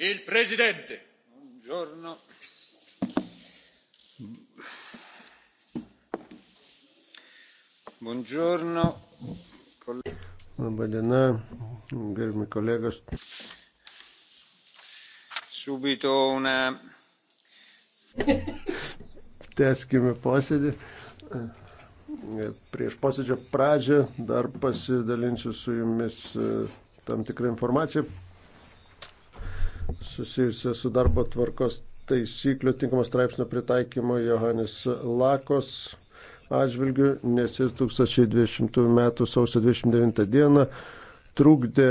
il presidente. Buongiorno. Buongiorno. Labadiena, gerbimi kolegos. Subito una. Teskime posėdį. Prieš posėdžio pradžią dar pasidalinsiu su jumis e, tam tikrą informaciją susijusią su darbo tvarkos taisyklių tinkamo straipsnio pritaikymo Johanis Lakos atžvilgių, nes jis 2020 m. sausio 29 d. trukdė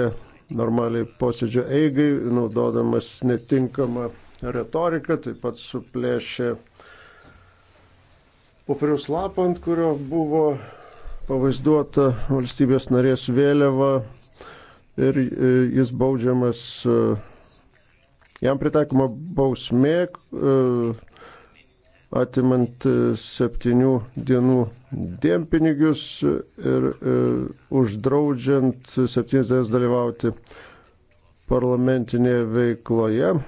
normaliai posėdžio eigai, naudodamas netinkamą retoriką, taip pat suplėšė popieriaus lapą, ant kurio buvo pavaizduota valstybės narės vėliava ir e, jis baudžiamas e, Jam pritaikoma bausmė e, atimant septynių dienų dienpinigius ir e, uždraudžiant septynis dienas dalyvauti parlamentinėje veikloje. E,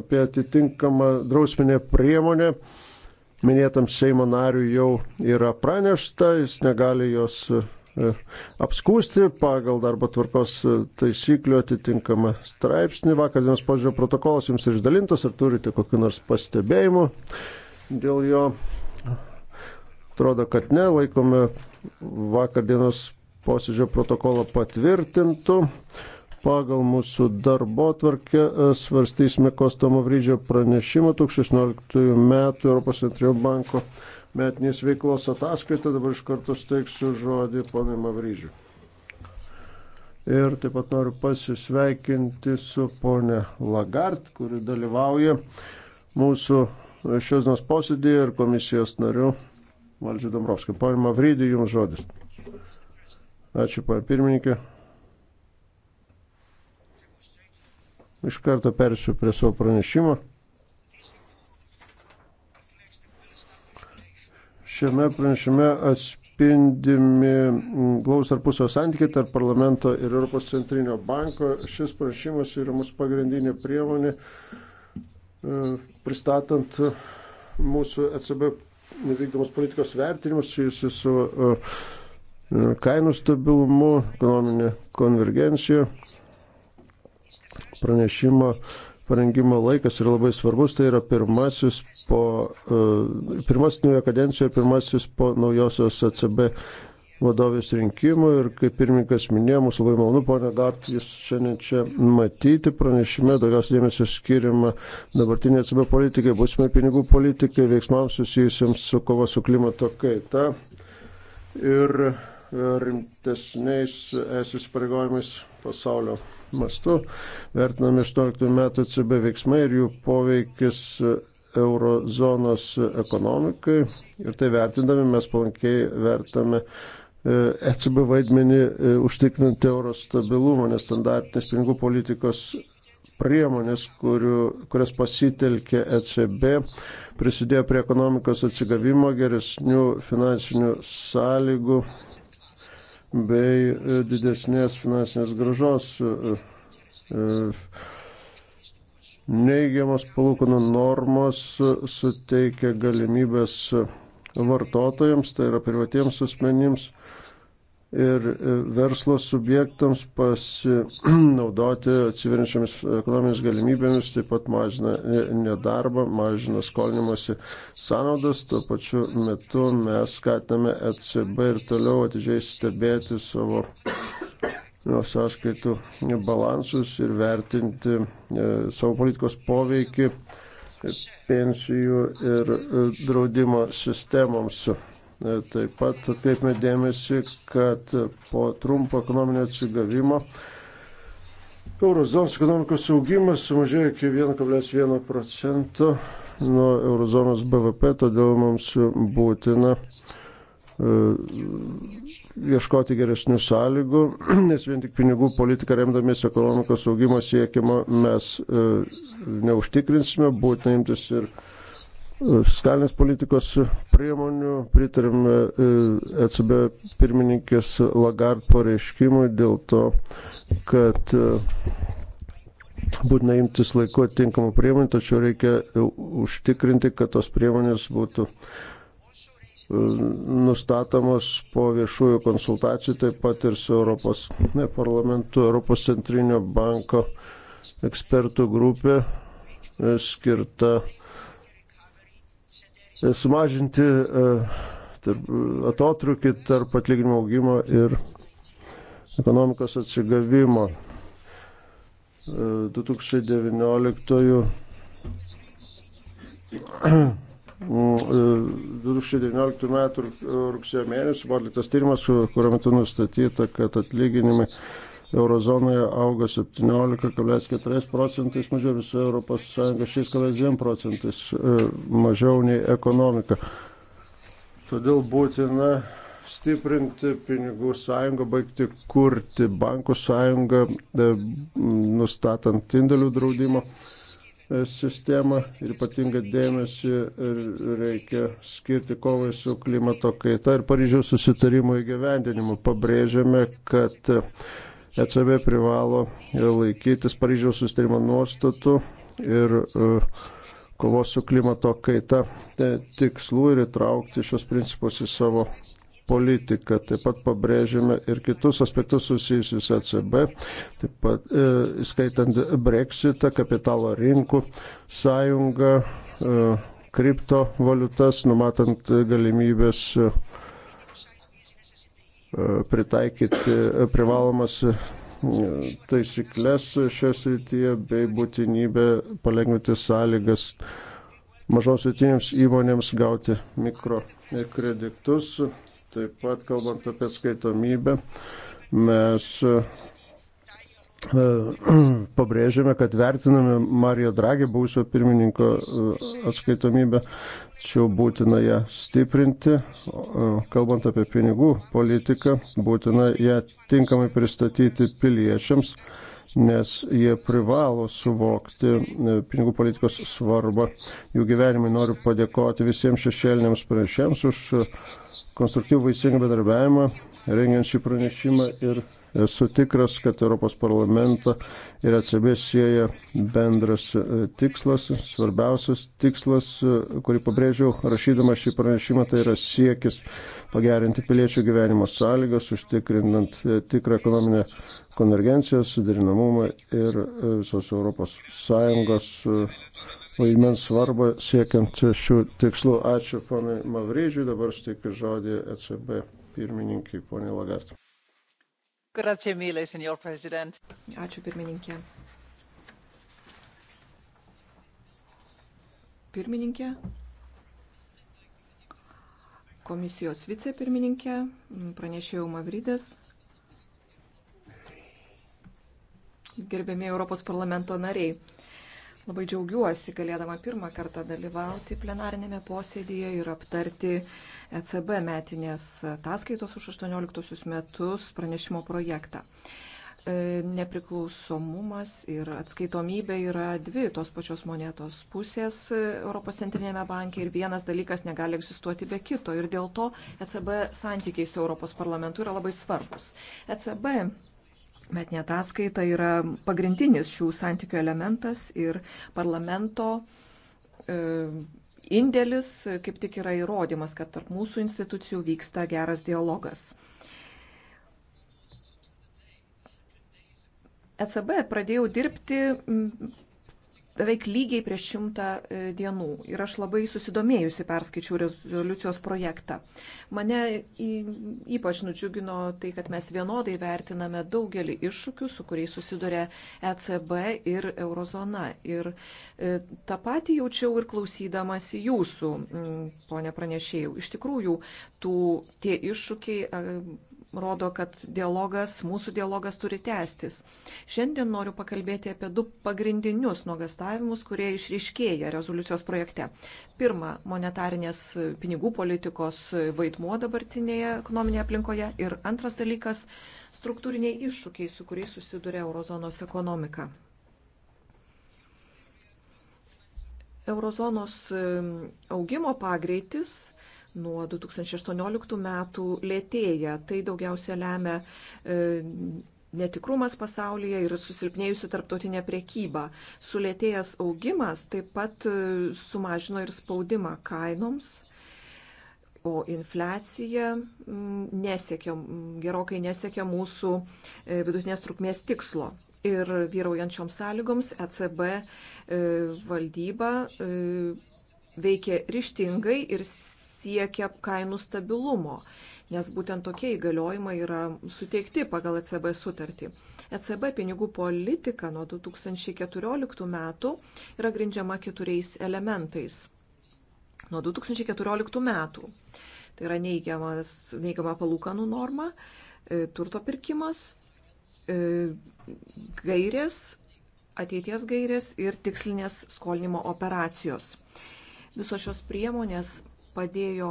apie atitinkamą drausminę priemonę minėtam Seimo nariui jau yra pranešta, jis negali jos apskūsti pagal darbo tvarkos e, taisyklių atitinkamą straipsnį. Vakar dienos požiūrio protokolas jums ir išdalintas, ar turite kokiu nors pastebėjimu dėl jo. Atrodo, kad ne, laikome vakar dienos posėdžio protokolą patvirtintų. Pagal mūsų darbo tvarkę e, svarstysime Kostomo Vrydžio pranešimą 2016 metų Europos centrinio banko metinės veiklos ataskaitą. Dabar iš karto steiksiu žodį ponui Mavryžiu. Ir taip pat noriu pasisveikinti su ponė Lagart, kuri dalyvauja mūsų šios dienos posėdėje ir komisijos nariu Valdžiu Dombrovskiu. Pone Mavrydį, jums žodis. Ačiū, pane pirmininkė. Iš karto persiu prie savo pranešimo. Šiame pranešime atspindimi glaus tarpusio santykiai tarp parlamento ir Europos centrinio banko. Šis pranešimas yra mūsų pagrindinė priemonė e, pristatant mūsų ECB vykdomos politikos vertinimus susijusius su e, e, kainų stabilumu, ekonominė konvergencija, pranešimo uh, parengimo laikas yra labai svarbus. Tai yra pirmasis po, e, pirmasis naujo kadencijoje, pirmasis po naujosios ACB vadovės rinkimų ir kaip pirmininkas minėjo, mūsų labai malonu, ponė Gart, jūs šiandien čia matyti pranešime, daugiausiai dėmesio skiriama dabartinė atsibė politikai, būsime pinigų politikai, veiksmams susijusiems su kova su klimato kaita ir rimtesniais es įsipareigojimais pasaulio mastu. Vertinami 18 metų CB veiksmai ir jų poveikis eurozonos ekonomikai. Ir tai vertindami mes palankiai vertame ECB e vaidmenį e, užtikrinti euro stabilumą, nes standartinės pinigų politikos priemonės, kurių, kurias pasitelkė ECB, prisidėjo prie ekonomikos atsigavimo, geresnių finansinių sąlygų bei e, didesnės finansinės gražos e, e, neigiamas palūkanų normos suteikia galimybės vartotojams, tai yra privatiems asmenims, ir e, verslo subjektams pasinaudoti atsiverinčiomis ekonominėmis galimybėmis, taip pat mažina e, nedarbą, mažina skolinimuose sąnaudas. Tuo pačiu metu mes skatiname ECB ir toliau atidžiai stebėti savo sąskaitų balansus ir vertinti e, savo politikos poveikį pensijų ir draudimo sistemoms. E, taip pat atkreipime dėmesį, kad po trumpo ekonominio atsigavimo Eurozonos ekonomikos augimas sumažėjo iki 1,1 procento nuo Eurozonos BVP, todėl mums būtina e, ieškoti geresnių sąlygų, nes vien tik pinigų politiką remdamiesi ekonomikos augimo siekimo mes e, neužtikrinsime, būtina imtis ir fiskalinės politikos priemonių, pritarėme e, ECB pirmininkės Lagard pareiškimui dėl to, kad e, būtina imtis laiko tinkamų priemonių, tačiau reikia e, užtikrinti, kad tos priemonės būtų nustatomos po viešųjų konsultacijų, taip pat ir su Europos ne, parlamentu, Europos centrinio banko ekspertų grupė skirta E, sumažinti e, atotrukį tarp atlyginimo augimo ir ekonomikos atsigavimo. 2019 e, 2019 metų rugsėjo mėnesį buvo atliktas tyrimas, kuriuo metu nustatyta, kad atlyginimai Eurozonoje auga 17,4 procentais, mažiau visoje Europos Sąjungoje 6,2 procentais e, mažiau nei ekonomika. Todėl būtina stiprinti pinigų sąjungą, baigti kurti bankų sąjungą, e, nustatant indėlių draudimo e, sistemą ir ypatingą dėmesį reikia skirti kovai su klimato kaita ir Paryžiaus susitarimo įgyvendinimu. Pabrėžiame, kad ECB privalo e, laikytis Paryžiaus sustarimo nuostatų ir e, kovos su klimato kaita e, tikslų ir įtraukti šios principus į savo politiką. Taip pat pabrėžiame ir kitus aspektus susijusius ECB, taip pat e, skaitant Brexitą, kapitalo rinkų sąjungą, e, kriptovaliutas, numatant galimybės e, E, pritaikyti e, privalomas e, taisyklės šios rytyje bei būtinybę palengvinti sąlygas mažoms rytinėms įmonėms gauti mikrokreditus. Taip pat kalbant apie skaitomybę, mes E, pabrėžiame, kad vertiname Mario Draghi, būsio pirmininko e, atskaitomybę, tačiau būtina ją stiprinti. Kalbant apie pinigų politiką, būtina ją tinkamai pristatyti piliečiams, nes jie privalo suvokti e, pinigų politikos svarbą. Jų gyvenimai noriu padėkoti visiems šešėliniams pranešėms už konstruktyvų vaisingą bedarbiavimą, rengiant šį pranešimą ir Esu tikras, kad Europos parlamentą ir ECB sieja bendras e, tikslas, svarbiausias tikslas, e, kurį pabrėžiau rašydama šį pranešimą, tai yra siekis pagerinti piliečių gyvenimo sąlygas, užtikrinant e, tikrą ekonominę konvergenciją, sudarinamumą ir visos Europos Sąjungos vaidmens svarbą siekiant šių tikslų. Ačiū ponai Mavryžiui, dabar steikiu žodį ECB pirmininkai, ponė Lagartė. Grazie mille, signor President. Ačiū pirmininkė. Pirmininkė, komisijos vicepirmininkė, pranešėjau Mavrydės, gerbėmiai Europos parlamento nariai. Labai džiaugiuosi galėdama pirmą kartą dalyvauti plenarinėme posėdėje ir aptarti ECB metinės ataskaitos už 18 metus pranešimo projektą e, nepriklausomumas ir atskaitomybė yra dvi tos pačios monetos pusės Europos centrinėme banke ir vienas dalykas negali egzistuoti be kito ir dėl to ECB santykiai su Europos parlamentu yra labai svarbus. ECB metinė ataskaita yra pagrindinis šių santykių elementas ir parlamento e, indėlis e, kaip tik yra įrodymas, kad tarp mūsų institucijų vyksta geras dialogas. ECB pradėjau dirbti beveik lygiai prieš šimtą e, dienų ir aš labai susidomėjusi perskaičiau rezoliucijos projektą. Mane ypač nudžiugino tai, kad mes vienodai vertiname daugelį iššūkių, su kuriais susiduria ECB ir eurozona. Ir e, tą patį jaučiau ir klausydamas jūsų, ponė pranešėjau. Iš tikrųjų, tų, tie iššūkiai rodo, kad dialogas, mūsų dialogas turi tęstis. Šiandien noriu pakalbėti apie du pagrindinius nuogastavimus, kurie išryškėja rezoliucijos projekte. Pirma, monetarinės pinigų politikos vaidmuo dabartinėje ekonominėje aplinkoje. Ir antras dalykas - struktūriniai iššūkiai, su kuriais susiduria eurozonos ekonomika. Eurozonos augimo pagreitis nuo 2018 metų lėtėja. Tai daugiausia lemia e, netikrumas pasaulyje ir susilpnėjusi tarptautinė priekyba. Sulėtėjęs augimas taip pat e, sumažino ir spaudimą kainoms, o infliacija nesiekia, gerokai nesiekia mūsų e, vidutinės trukmės tikslo. Ir vyraujančioms sąlygoms ECB valdyba veikia ryštingai ir siekia kainų stabilumo, nes būtent tokie įgaliojimai yra suteikti pagal ECB sutartį. ECB pinigų politika nuo 2014 metų yra grindžiama keturiais elementais. Nuo 2014 metų. Tai yra neigiama palūkanų norma, e, turto pirkimas, e, gairės, ateities gairės ir tikslinės skolinimo operacijos. Visos šios priemonės padėjo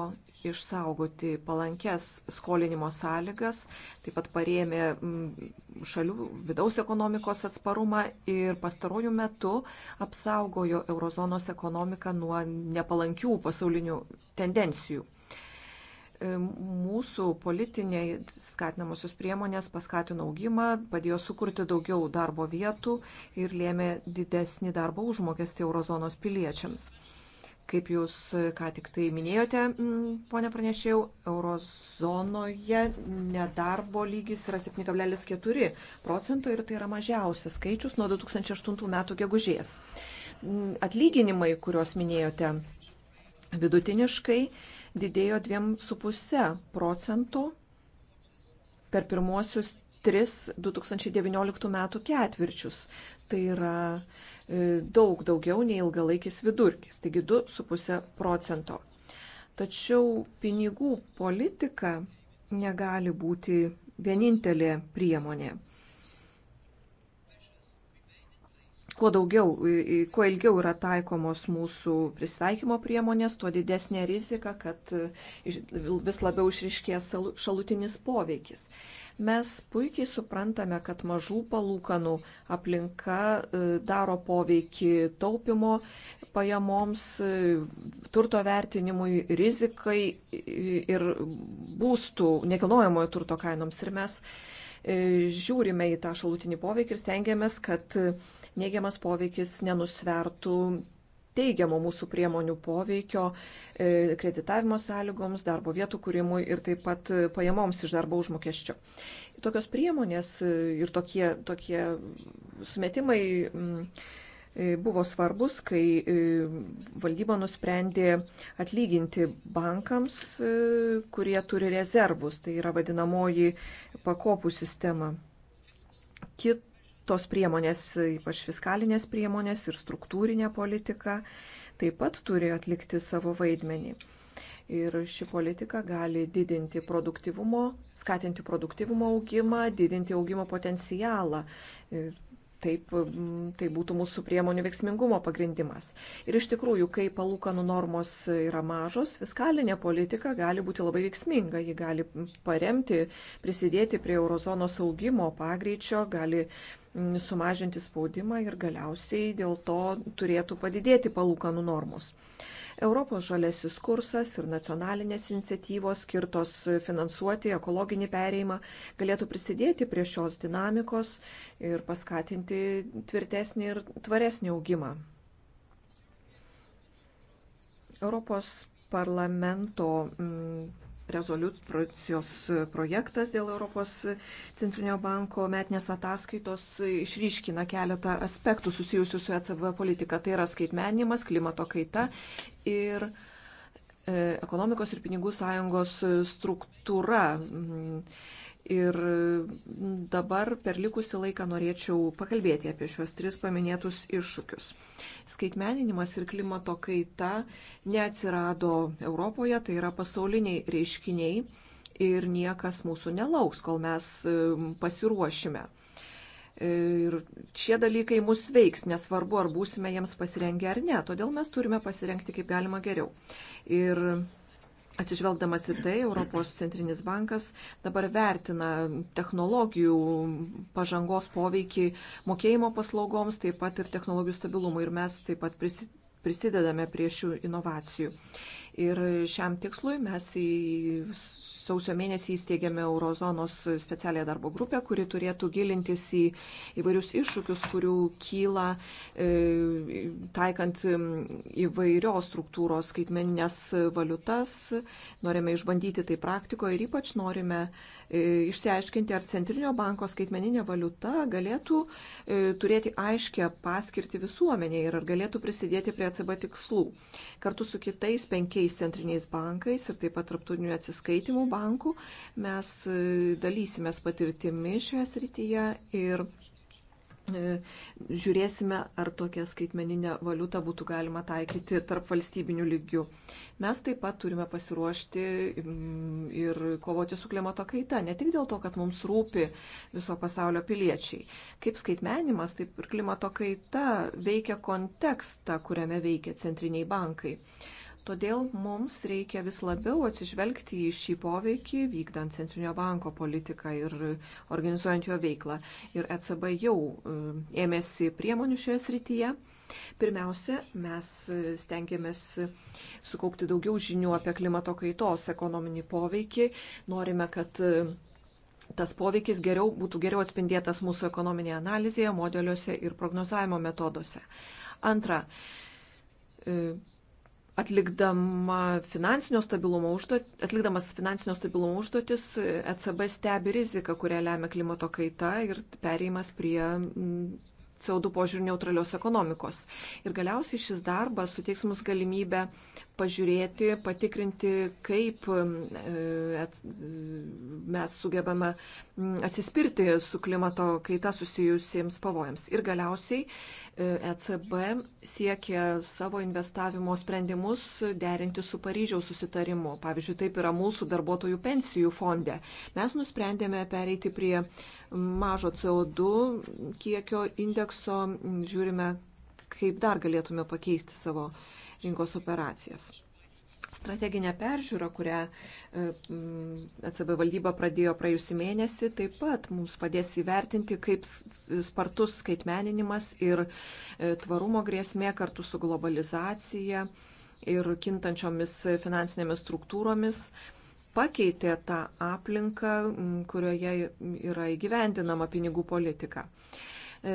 išsaugoti palankes skolinimo sąlygas, taip pat parėmė mm, šalių vidaus ekonomikos atsparumą ir pastarojų metų apsaugojo eurozonos ekonomiką nuo nepalankių pasaulinių tendencijų e, mūsų politiniai skatinamosios priemonės paskatino augimą, padėjo sukurti daugiau darbo vietų ir lėmė didesnį darbo užmokestį eurozonos piliečiams. Kaip jūs e, ką tik tai minėjote, ponė pranešėjau, eurozonoje nedarbo lygis yra 7,4 procento ir tai yra mažiausias skaičius nuo 2008 metų gegužės. Atlyginimai, kuriuos minėjote, vidutiniškai didėjo 2,5 procento per pirmuosius tris 2019 metų ketvirčius. Tai yra E, daug daugiau nei ilgalaikis vidurkis, taigi 2,5 procento. Tačiau pinigų politika negali būti vienintelė priemonė. kuo daugiau, kuo ilgiau yra taikomos mūsų pristaikymo priemonės, tuo didesnė rizika, kad e, vis labiau išriškės šalutinis poveikis. Mes puikiai suprantame, kad mažų palūkanų aplinka e, daro poveikį taupimo pajamoms, e, turto vertinimui, rizikai ir būstų nekilnojamojo turto kainoms. Ir mes žiūrime į tą šalutinį poveikį ir stengiamės, kad neigiamas poveikis nenusvertų teigiamo mūsų priemonių poveikio e, kreditavimo sąlygoms, darbo vietų kūrimui ir taip pat e, pajamoms iš darbo užmokesčio. Tokios priemonės e, ir tokie, tokie sumetimai mm, buvo svarbus, kai valdyba nusprendė atlyginti bankams, kurie turi rezervus, tai yra vadinamoji pakopų sistema. Kit tos priemonės, ypač fiskalinės priemonės ir struktūrinė politika, taip pat turi atlikti savo vaidmenį. Ir ši politika gali didinti produktivumo, skatinti produktivumo augimą, didinti augimo potencialą. Ir Taip, tai būtų mūsų priemonių veiksmingumo pagrindimas. Ir iš tikrųjų, kai palūkanų normos yra mažos, fiskalinė politika gali būti labai veiksminga. Ji gali paremti, prisidėti prie eurozonos augimo pagreičio, gali sumažinti spaudimą ir galiausiai dėl to turėtų padidėti palūkanų normos. Europos žalesis kursas ir nacionalinės iniciatyvos skirtos finansuoti ekologinį pereimą galėtų prisidėti prie šios dinamikos ir paskatinti tvirtesnį ir tvaresnį augimą. Europos parlamento mm, rezoliucijos projektas dėl Europos Centrinio banko metinės ataskaitos išryškina keletą aspektų susijusių su ECB politika. Tai yra skaitmenimas, klimato kaita ir e, ekonomikos ir pinigų sąjungos struktūra. Mm, Ir dabar per likusį laiką norėčiau pakalbėti apie šios tris paminėtus iššūkius. Skaitmeninimas ir klimato kaita neatsirado Europoje, tai yra pasauliniai reiškiniai ir niekas mūsų nelauks, kol mes um, pasiruošime. Ir šie dalykai mus veiks, nesvarbu, ar būsime jiems pasirengę ar ne. Todėl mes turime pasirengti kaip galima geriau. Ir Atsižvelgdamas į tai, Europos centrinis bankas dabar vertina technologijų pažangos poveikį mokėjimo paslaugoms, taip pat ir technologijų stabilumui ir mes taip pat prisidedame prie šių inovacijų. Ir šiam tikslui mes į sausio mėnesį įsteigėme Eurozonos specialią darbo grupę, kuri turėtų gilintis į įvairius iššūkius, kurių kyla e, taikant įvairios struktūros skaitmeninės valiutas. Norime išbandyti tai praktikoje ir ypač norime e, E, išsiaiškinti, ar Centrinio banko skaitmeninė valiuta galėtų e, turėti aiškę paskirti visuomenėje ir ar galėtų prisidėti prie ECB tikslų. Kartu su kitais penkiais centriniais bankais ir taip pat tarptautinių atsiskaitimų bankų mes e, dalysimės patirtimi šioje srityje ir E, žiūrėsime, ar tokią skaitmeninę valiutą būtų galima taikyti tarp valstybinių lygių. Mes taip pat turime pasiruošti ir kovoti su klimato kaita, ne tik dėl to, kad mums rūpi viso pasaulio piliečiai. Kaip skaitmenimas, taip ir klimato kaita veikia kontekstą, kuriame veikia centriniai bankai. Todėl mums reikia vis labiau atsižvelgti į šį poveikį, vykdant Centrinio banko politiką ir organizuojant jo veiklą. Ir ECB jau e, ėmėsi priemonių šioje srityje. Pirmiausia, mes e, stengiamės sukaupti daugiau žinių apie klimato kaitos ekonominį poveikį. Norime, kad e, tas poveikis geriau būtų geriau atspindėtas mūsų ekonominėje analizėje, modeliuose ir prognozavimo metoduose. Antra, Atlikdama finansinio stabilumo užduotis, atlikdamas finansinio stabilumo užduotis, ECB stebi riziką, kurią lemia klimato kaita ir pereimas prie mm, CO2 požiūrį neutralios ekonomikos. Ir galiausiai šis darbas suteiks mums galimybę pažiūrėti, patikrinti, kaip mm, mes sugebame mm, atsispirti su klimato kaita susijusiems pavojams. Ir galiausiai ECB siekia savo investavimo sprendimus derinti su Paryžiaus susitarimu. Pavyzdžiui, taip yra mūsų darbuotojų pensijų fonde. Mes nusprendėme pereiti prie mažo CO2 kiekio indekso. Žiūrime, kaip dar galėtume pakeisti savo rinkos operacijas. Strateginė peržiūra, kurią e, ECB valdyba pradėjo praėjusį mėnesį, taip pat mums padės įvertinti, kaip spartus skaitmeninimas ir e, tvarumo grėsmė kartu su globalizacija ir kintančiomis finansinėmis struktūromis pakeitė tą aplinką, kurioje yra įgyvendinama pinigų politika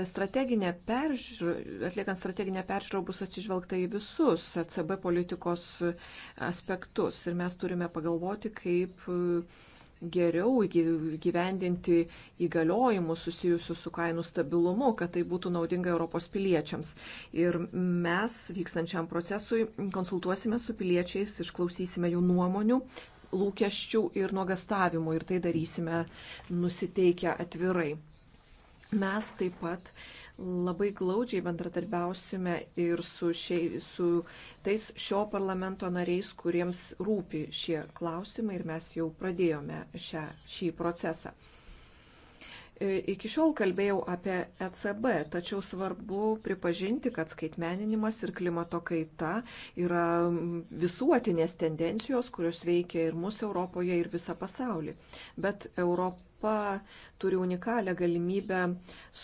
strateginė peržiūra, atliekant strateginę peržiūrą bus atsižvelgta į visus ECB politikos aspektus ir mes turime pagalvoti, kaip geriau gyvendinti įgaliojimus susijusius su kainų stabilumu, kad tai būtų naudinga Europos piliečiams. Ir mes vykstančiam procesui konsultuosime su piliečiais, išklausysime jų nuomonių, lūkesčių ir nuogastavimų ir tai darysime nusiteikę atvirai. Mes taip pat labai glaudžiai bendradarbiausime ir su, šie, su tais šio parlamento nariais, kuriems rūpi šie klausimai ir mes jau pradėjome šią, šį procesą. E, iki šiol kalbėjau apie ECB, tačiau svarbu pripažinti, kad skaitmeninimas ir klimato kaita yra visuotinės tendencijos, kurios veikia ir mūsų Europoje, ir visą pasaulį. Bet Europa turi unikalią galimybę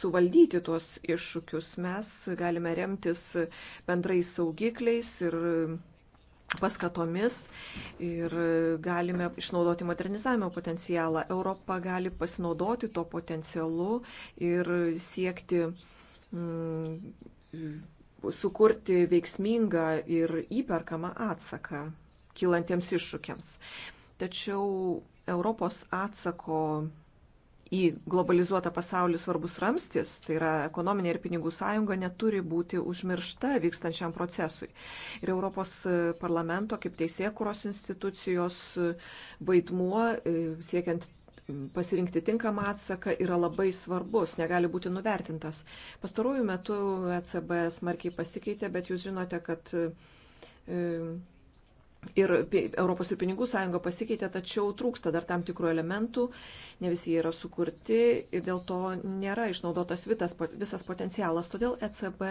suvaldyti tuos iššūkius. Mes galime remtis bendrais saugikliais ir paskatomis ir galime išnaudoti modernizavimo potencialą. Europa gali pasinaudoti to potencialu ir siekti mm, sukurti veiksmingą ir įperkamą atsaką kilantiems iššūkiams. Tačiau Europos atsako į globalizuotą pasaulį svarbus ramstis, tai yra ekonominė ir pinigų sąjunga, neturi būti užmiršta vykstančiam procesui. Ir Europos parlamento kaip teisėkuros institucijos vaidmuo e, siekiant pasirinkti tinkamą atsaką yra labai svarbus, negali būti nuvertintas. Pastaruoju metu ECB smarkiai pasikeitė, bet jūs žinote, kad e, ir Europos ir pinigų sąjunga pasikeitė, tačiau trūksta dar tam tikrų elementų, ne visi jie yra sukurti ir dėl to nėra išnaudotas vitas, visas potencialas. Todėl ECB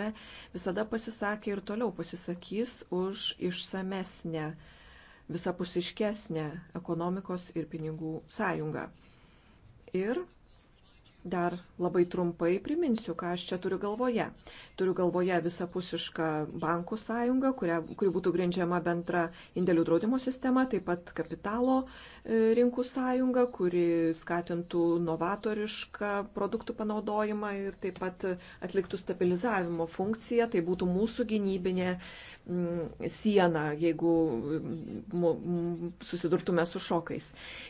visada pasisakė ir toliau pasisakys už išsamesnę, visapusiškesnę ekonomikos ir pinigų sąjungą. Ir Dar labai trumpai priminsiu, ką aš čia turiu galvoje. Turiu galvoje visapusišką bankų sąjungą, kuria, kuri būtų grindžiama bendra indėlių draudimo sistema, taip pat kapitalo rinkų sąjungą, kuri skatintų novatorišką produktų panaudojimą ir taip pat atliktų stabilizavimo funkciją. Tai būtų mūsų gynybinė mm, siena, jeigu mm, mm, susidurtume su šokais.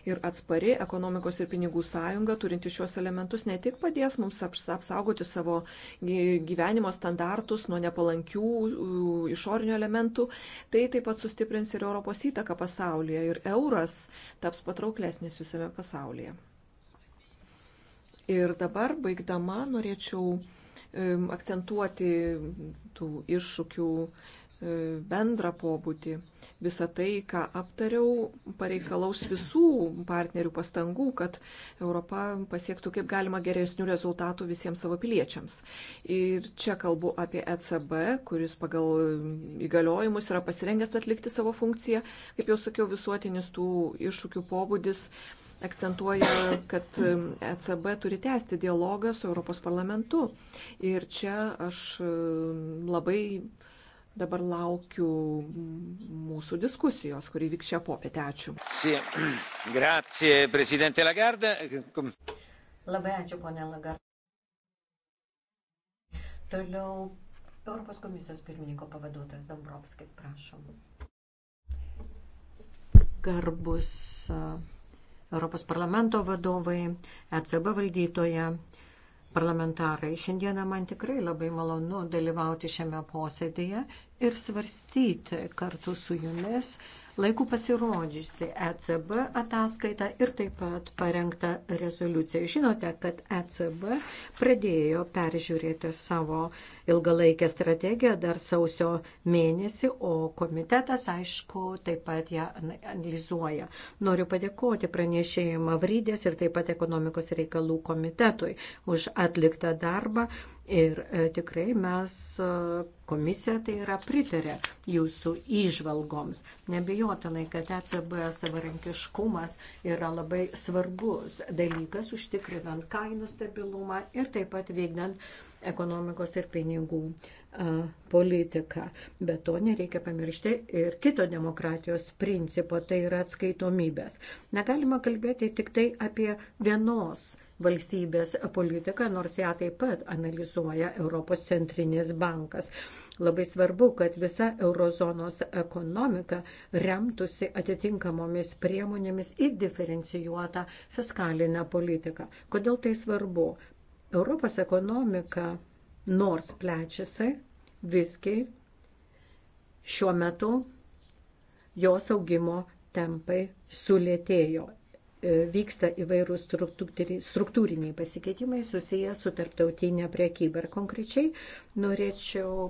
Ir atspari ekonomikos ir pinigų sąjunga, turinti šios elementus, ne tik padės mums apsaugoti savo gyvenimo standartus nuo nepalankių išorinių elementų, tai taip pat sustiprins ir Europos įtaką pasaulyje. Ir euras, ta taps patrauklesnis visame pasaulyje. Ir dabar, baigdama, norėčiau akcentuoti tų iššūkių E, bendrą pobūdį. Visą tai, ką aptariau, pareikalaus visų partnerių pastangų, kad Europa pasiektų kaip galima geresnių rezultatų visiems savo piliečiams. Ir čia kalbu apie ECB, kuris pagal įgaliojimus yra pasirengęs atlikti savo funkciją. Kaip jau sakiau, visuotinis tų iššūkių pobūdis akcentuoja, kad ECB turi tęsti dialogą su Europos parlamentu. Ir čia aš e, labai Dabar laukiu mūsų diskusijos, kuri vyks šią popietę. Ačiū. Grazie, prezidentė Lagarde. Labai ačiū, ponė Lagarde. Toliau Europos komisijos pirmininko pavaduotojas Dombrovskis, prašom. Garbus Europos parlamento vadovai, ECB valdytoja, parlamentarai. Šiandieną man tikrai labai malonu dalyvauti šiame posėdėje ir svarstyti kartu su jumis laiku pasirodžiusi ECB ataskaita ir taip pat parengta rezoliucija. Žinote, kad ECB pradėjo peržiūrėti savo ilgalaikę strategiją dar sausio mėnesį, o komitetas, aišku, taip pat ją analizuoja. Noriu padėkoti pranešėjai Mavrydės ir taip pat ekonomikos reikalų komitetui už atliktą darbą. Ir e, tikrai mes, e, komisija tai yra pritarė jūsų įžvalgoms. Nebejotinai, kad ECB savarankiškumas yra labai svarbus dalykas, užtikrinant kainų stabilumą ir taip pat vykdant ekonomikos ir pinigų pinigų politiką. Bet to nereikia pamiršti ir kito demokratijos principo, tai yra atskaitomybės. Negalima kalbėti tik tai apie vienos valstybės politiką, nors ją taip pat analizuoja Europos centrinis bankas. Labai svarbu, kad visa eurozonos ekonomika remtųsi atitinkamomis priemonėmis ir diferencijuotą fiskalinę politiką. Kodėl tai svarbu? Europos ekonomika nors plečiasi, visgi šiuo metu jos augimo tempai sulėtėjo. E, vyksta įvairūs struktūriniai pasikeitimai susiję su tarptautinė priekyba. Ir konkrečiai norėčiau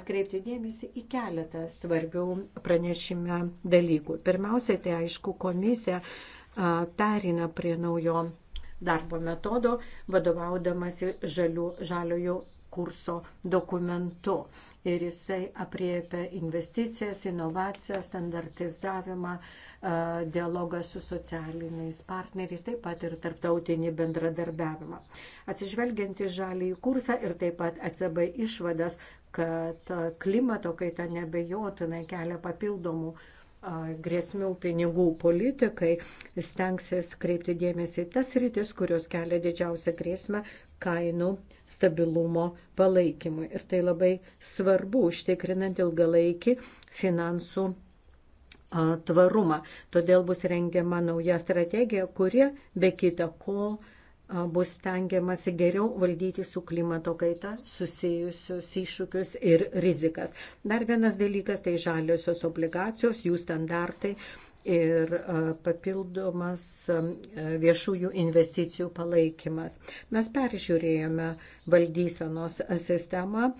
atkreipti dėmesį į keletą svarbių pranešime dalykų. Pirmiausia, tai aišku, komisija perina prie naujo darbo metodo, vadovaudamasi žalių, žaliojo kurso dokumentu. Ir jisai apriepia investicijas, inovacijas, standartizavimą, dialogą su socialiniais partneriais, taip pat ir tarptautinį bendradarbiavimą. Atsižvelgiant į žalį kursą ir taip pat ECB išvadas, kad klimato kaita nebejotinai kelia papildomų grėsmių pinigų politikai stengsis kreipti dėmesį tas rytis, kurios kelia didžiausią grėsmę kainų stabilumo palaikymui. Ir tai labai svarbu užtikrinant ilgalaikį finansų tvarumą. Todėl bus rengiama nauja strategija, kuri be kita ko bus tengiamasi geriau valdyti su klimato kaita susijusius iššūkius ir rizikas. Dar vienas dalykas - tai žaliosios obligacijos, jų standartai ir papildomas viešųjų investicijų palaikymas. Mes peržiūrėjome valdysenos sistemą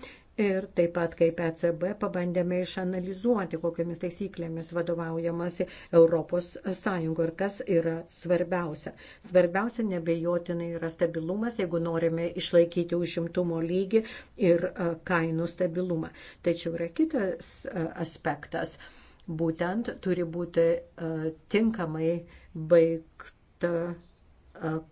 ir taip pat kaip ECB pabandėme išanalizuoti, kokiamis taisyklėmis vadovaujamasi Europos Sąjungo ir kas yra svarbiausia. Svarbiausia nebejotinai yra stabilumas, jeigu norime išlaikyti užimtumo lygį ir e, kainų stabilumą. Tačiau yra kitas e, aspektas. Būtent turi būti e, tinkamai baigta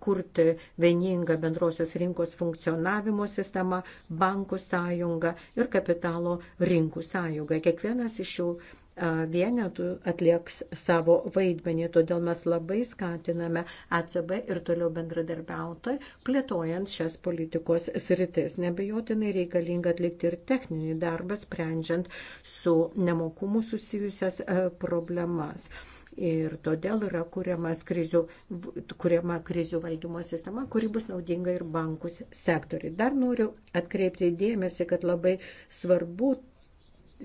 kurti vieningą bendrosios rinkos funkcionavimo sistemą, bankų sąjungą ir kapitalo rinkų sąjungą. Kiekvienas iš šių vienetų atlieks savo vaidmenį, todėl mes labai skatiname ACB ir toliau bendradarbiauti, plėtojant šias politikos sritis. Nebejotinai reikalinga atlikti ir techninį darbą, sprendžiant su nemokumu susijusias problemas ir todėl yra kuriamas krizių, kuriama krizių valdymo sistema, kuri bus naudinga ir bankų sektoriui. Dar noriu atkreipti dėmesį, kad labai svarbu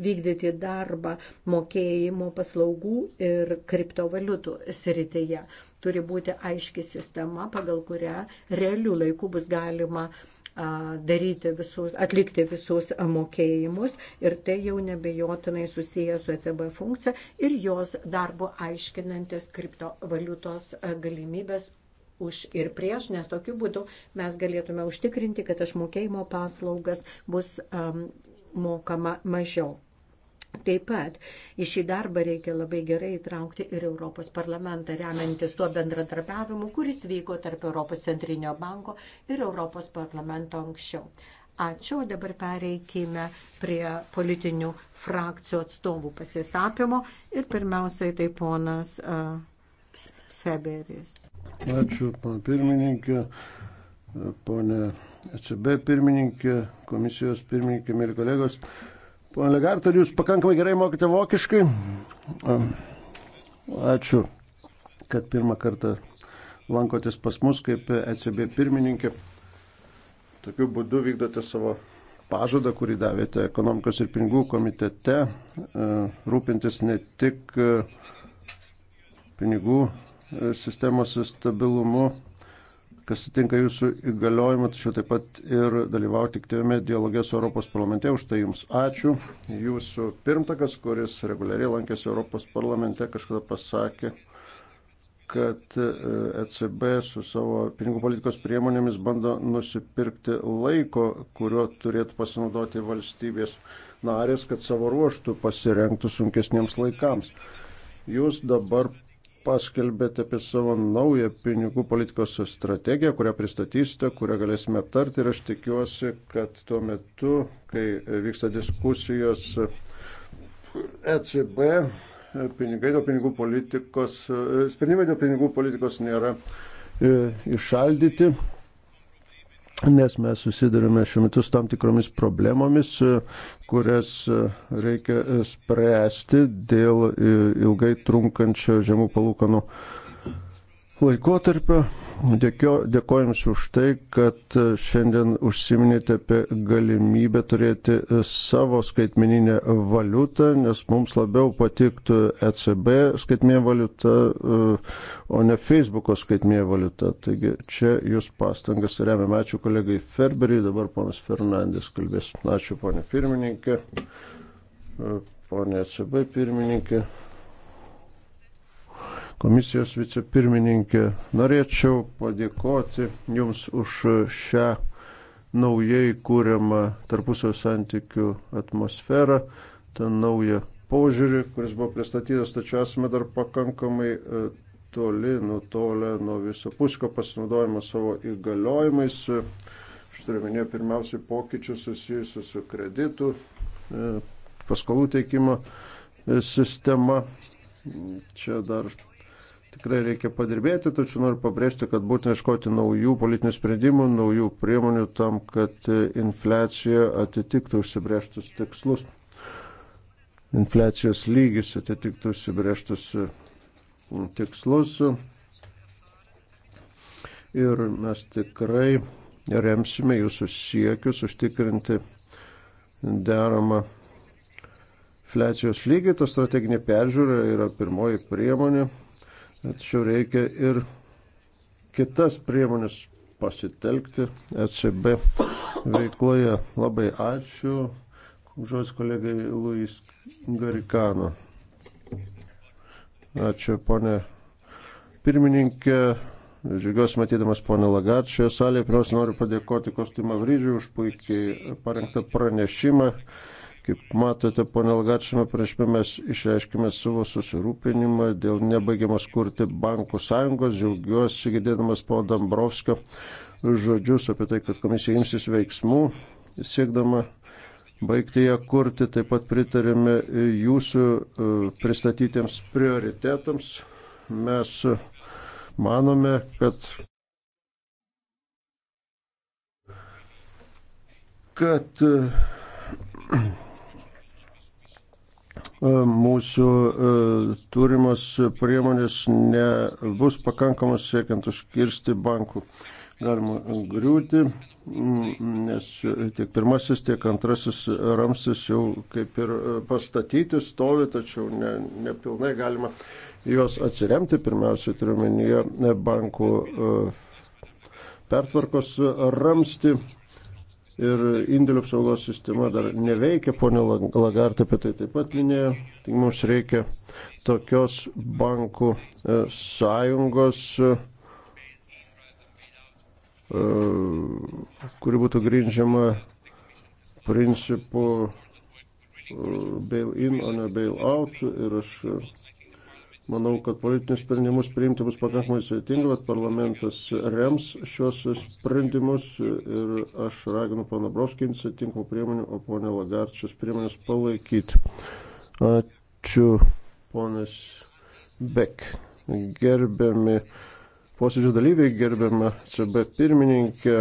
vykdyti darbą mokėjimo paslaugų ir kriptovaliutų srityje. Turi būti aiški sistema, pagal kurią realių laikų bus galima uh, daryti visus, atlikti visus mokėjimus ir tai jau nebejotinai susiję su ECB funkcija ir jos darbo aiškinantis kriptovaliutos galimybės už ir prieš, nes tokiu būdu mes galėtume užtikrinti, kad aš mokėjimo paslaugas bus um, mokama mažiau. Taip pat į šį darbą reikia labai gerai įtraukti ir Europos parlamentą, remiantis tuo bendradarbiavimu, kuris vyko tarp Europos centrinio banko ir Europos parlamento anksčiau. Ačiū, dabar pereikime prie politinių frakcijų atstovų pasisapimo ir pirmiausiai tai ponas uh, Feberis. Ačiū, pana pirmininkė, ponė ECB pirmininkė, komisijos pirmininkė, mėly kolegos. Uh, Pane Legart, ar jūs pakankamai gerai mokate vokiškai? Ačiū, kad pirmą kartą lankotės pas mus kaip ECB pirmininkė. Tokiu būdu vykdote savo pažadą, kurį davėte ekonomikos ir pinigų komitete, rūpintis ne tik pinigų sistemos stabilumu, kas atitinka jūsų įgaliojimą, tačiau taip pat ir dalyvauti aktyviame dialoge su Europos parlamente. Už tai jums ačiū. Jūsų pirmtakas, kuris reguliariai lankėsi Europos parlamente, kažkada pasakė, kad ECB e su savo pinigų politikos priemonėmis bando nusipirkti laiko, kuriuo turėtų pasinaudoti valstybės narės, kad savo ruoštų pasirengtų sunkesniems laikams. Jūs dabar paskelbėte apie savo naują pinigų politikos strategiją, kurią pristatysite, kurią galėsime aptarti ir aš tikiuosi, kad tuo metu, kai vyksta diskusijos ECB, pinigai dėl pinigų politikos, sprendimai dėl pinigų politikos nėra išaldyti. E, nes mes susidurime šiuo metu su tam tikromis problemomis, kurias reikia spręsti dėl e, ilgai trunkančio žemų palūkanų laikotarpio. Dėkojams už tai, kad e, šiandien užsiminėte apie galimybę turėti e, savo skaitmeninę valiutą, nes mums labiau patiktų ECB skaitmeninė valiuta, e, o ne Facebook'o skaitmeninė valiuta. Taigi čia jūs pastangas remiam. Ačiū kolegai Ferberiui, dabar ponas Fernandės kalbės. Ačiū ponė pirmininkė, ponė ECB pirmininkė komisijos vicepirmininkė, norėčiau padėkoti Jums už šią naujai kūriamą tarpusio santykių atmosferą, tą naują požiūrį, kuris buvo pristatytas, tačiau esame dar pakankamai e, toli, nutolę nuo visapuško pasinaudojimo savo įgaliojimais. Aš turiu minėti pirmiausiai pokyčius susijusius su kreditų, e, paskolų teikimo e, sistema. Čia dar Tikrai reikia padirbėti, tačiau noriu pabrėžti, kad būtina iškoti naujų politinių sprendimų, naujų priemonių tam, kad infliacija atitiktų užsibrėžtus tikslus. Infliacijos lygis atitiktų užsibrėžtus tikslus. Ir mes tikrai remsime jūsų siekius užtikrinti deramą infliacijos lygį. Ta strateginė peržiūra yra pirmoji priemonė Tačiau reikia ir kitas priemonės pasitelkti ECB veikloje. Labai ačiū. Žodis kolegai Luis Garikano. Ačiū, ponė pirmininkė. Džiugiuosi matydamas ponę Lagat šioje salėje. Pirmiausia, noriu padėkoti Kostimą Vryžiui už puikiai parengtą pranešimą. Kaip matote, ponė Lagačime, prieš mes išreiškime savo susirūpinimą dėl nebaigiamas kurti bankų sąjungos. Džiaugiuosi girdėdamas po Dambrovskio žodžius apie tai, kad komisija imsis veiksmų siekdama baigti ją kurti. Taip pat pritarėme jūsų e, pristatytiems prioritetams. Mes manome, kad kad E, mūsų e, turimos priemonės nebus pakankamos siekiant užkirsti bankų galima griūti, nes tiek pirmasis, tiek antrasis ramstis jau kaip ir pastatyti stovi, tačiau ne, nepilnai galima juos atsiremti. Pirmiausia, turiu menyje bankų e, pertvarkos ramsti ir indėlių apsaugos sistema dar neveikia, ponė Lagarta apie tai taip pat minėjo, tai mums reikia tokios bankų e, sąjungos, e, kuri būtų grindžiama principu e, bail in, o ne bail out ir aš Manau, kad politinius sprendimus priimti bus pakankamai sudėtinga, bet parlamentas rems šios sprendimus ir aš raginu pana Brovskį imtis tinkamų priemonių, o ponė Lagart šios priemonės palaikyti. Ačiū, ponas Bek. Gerbiami posėdžio dalyviai, gerbiama CB pirmininkė.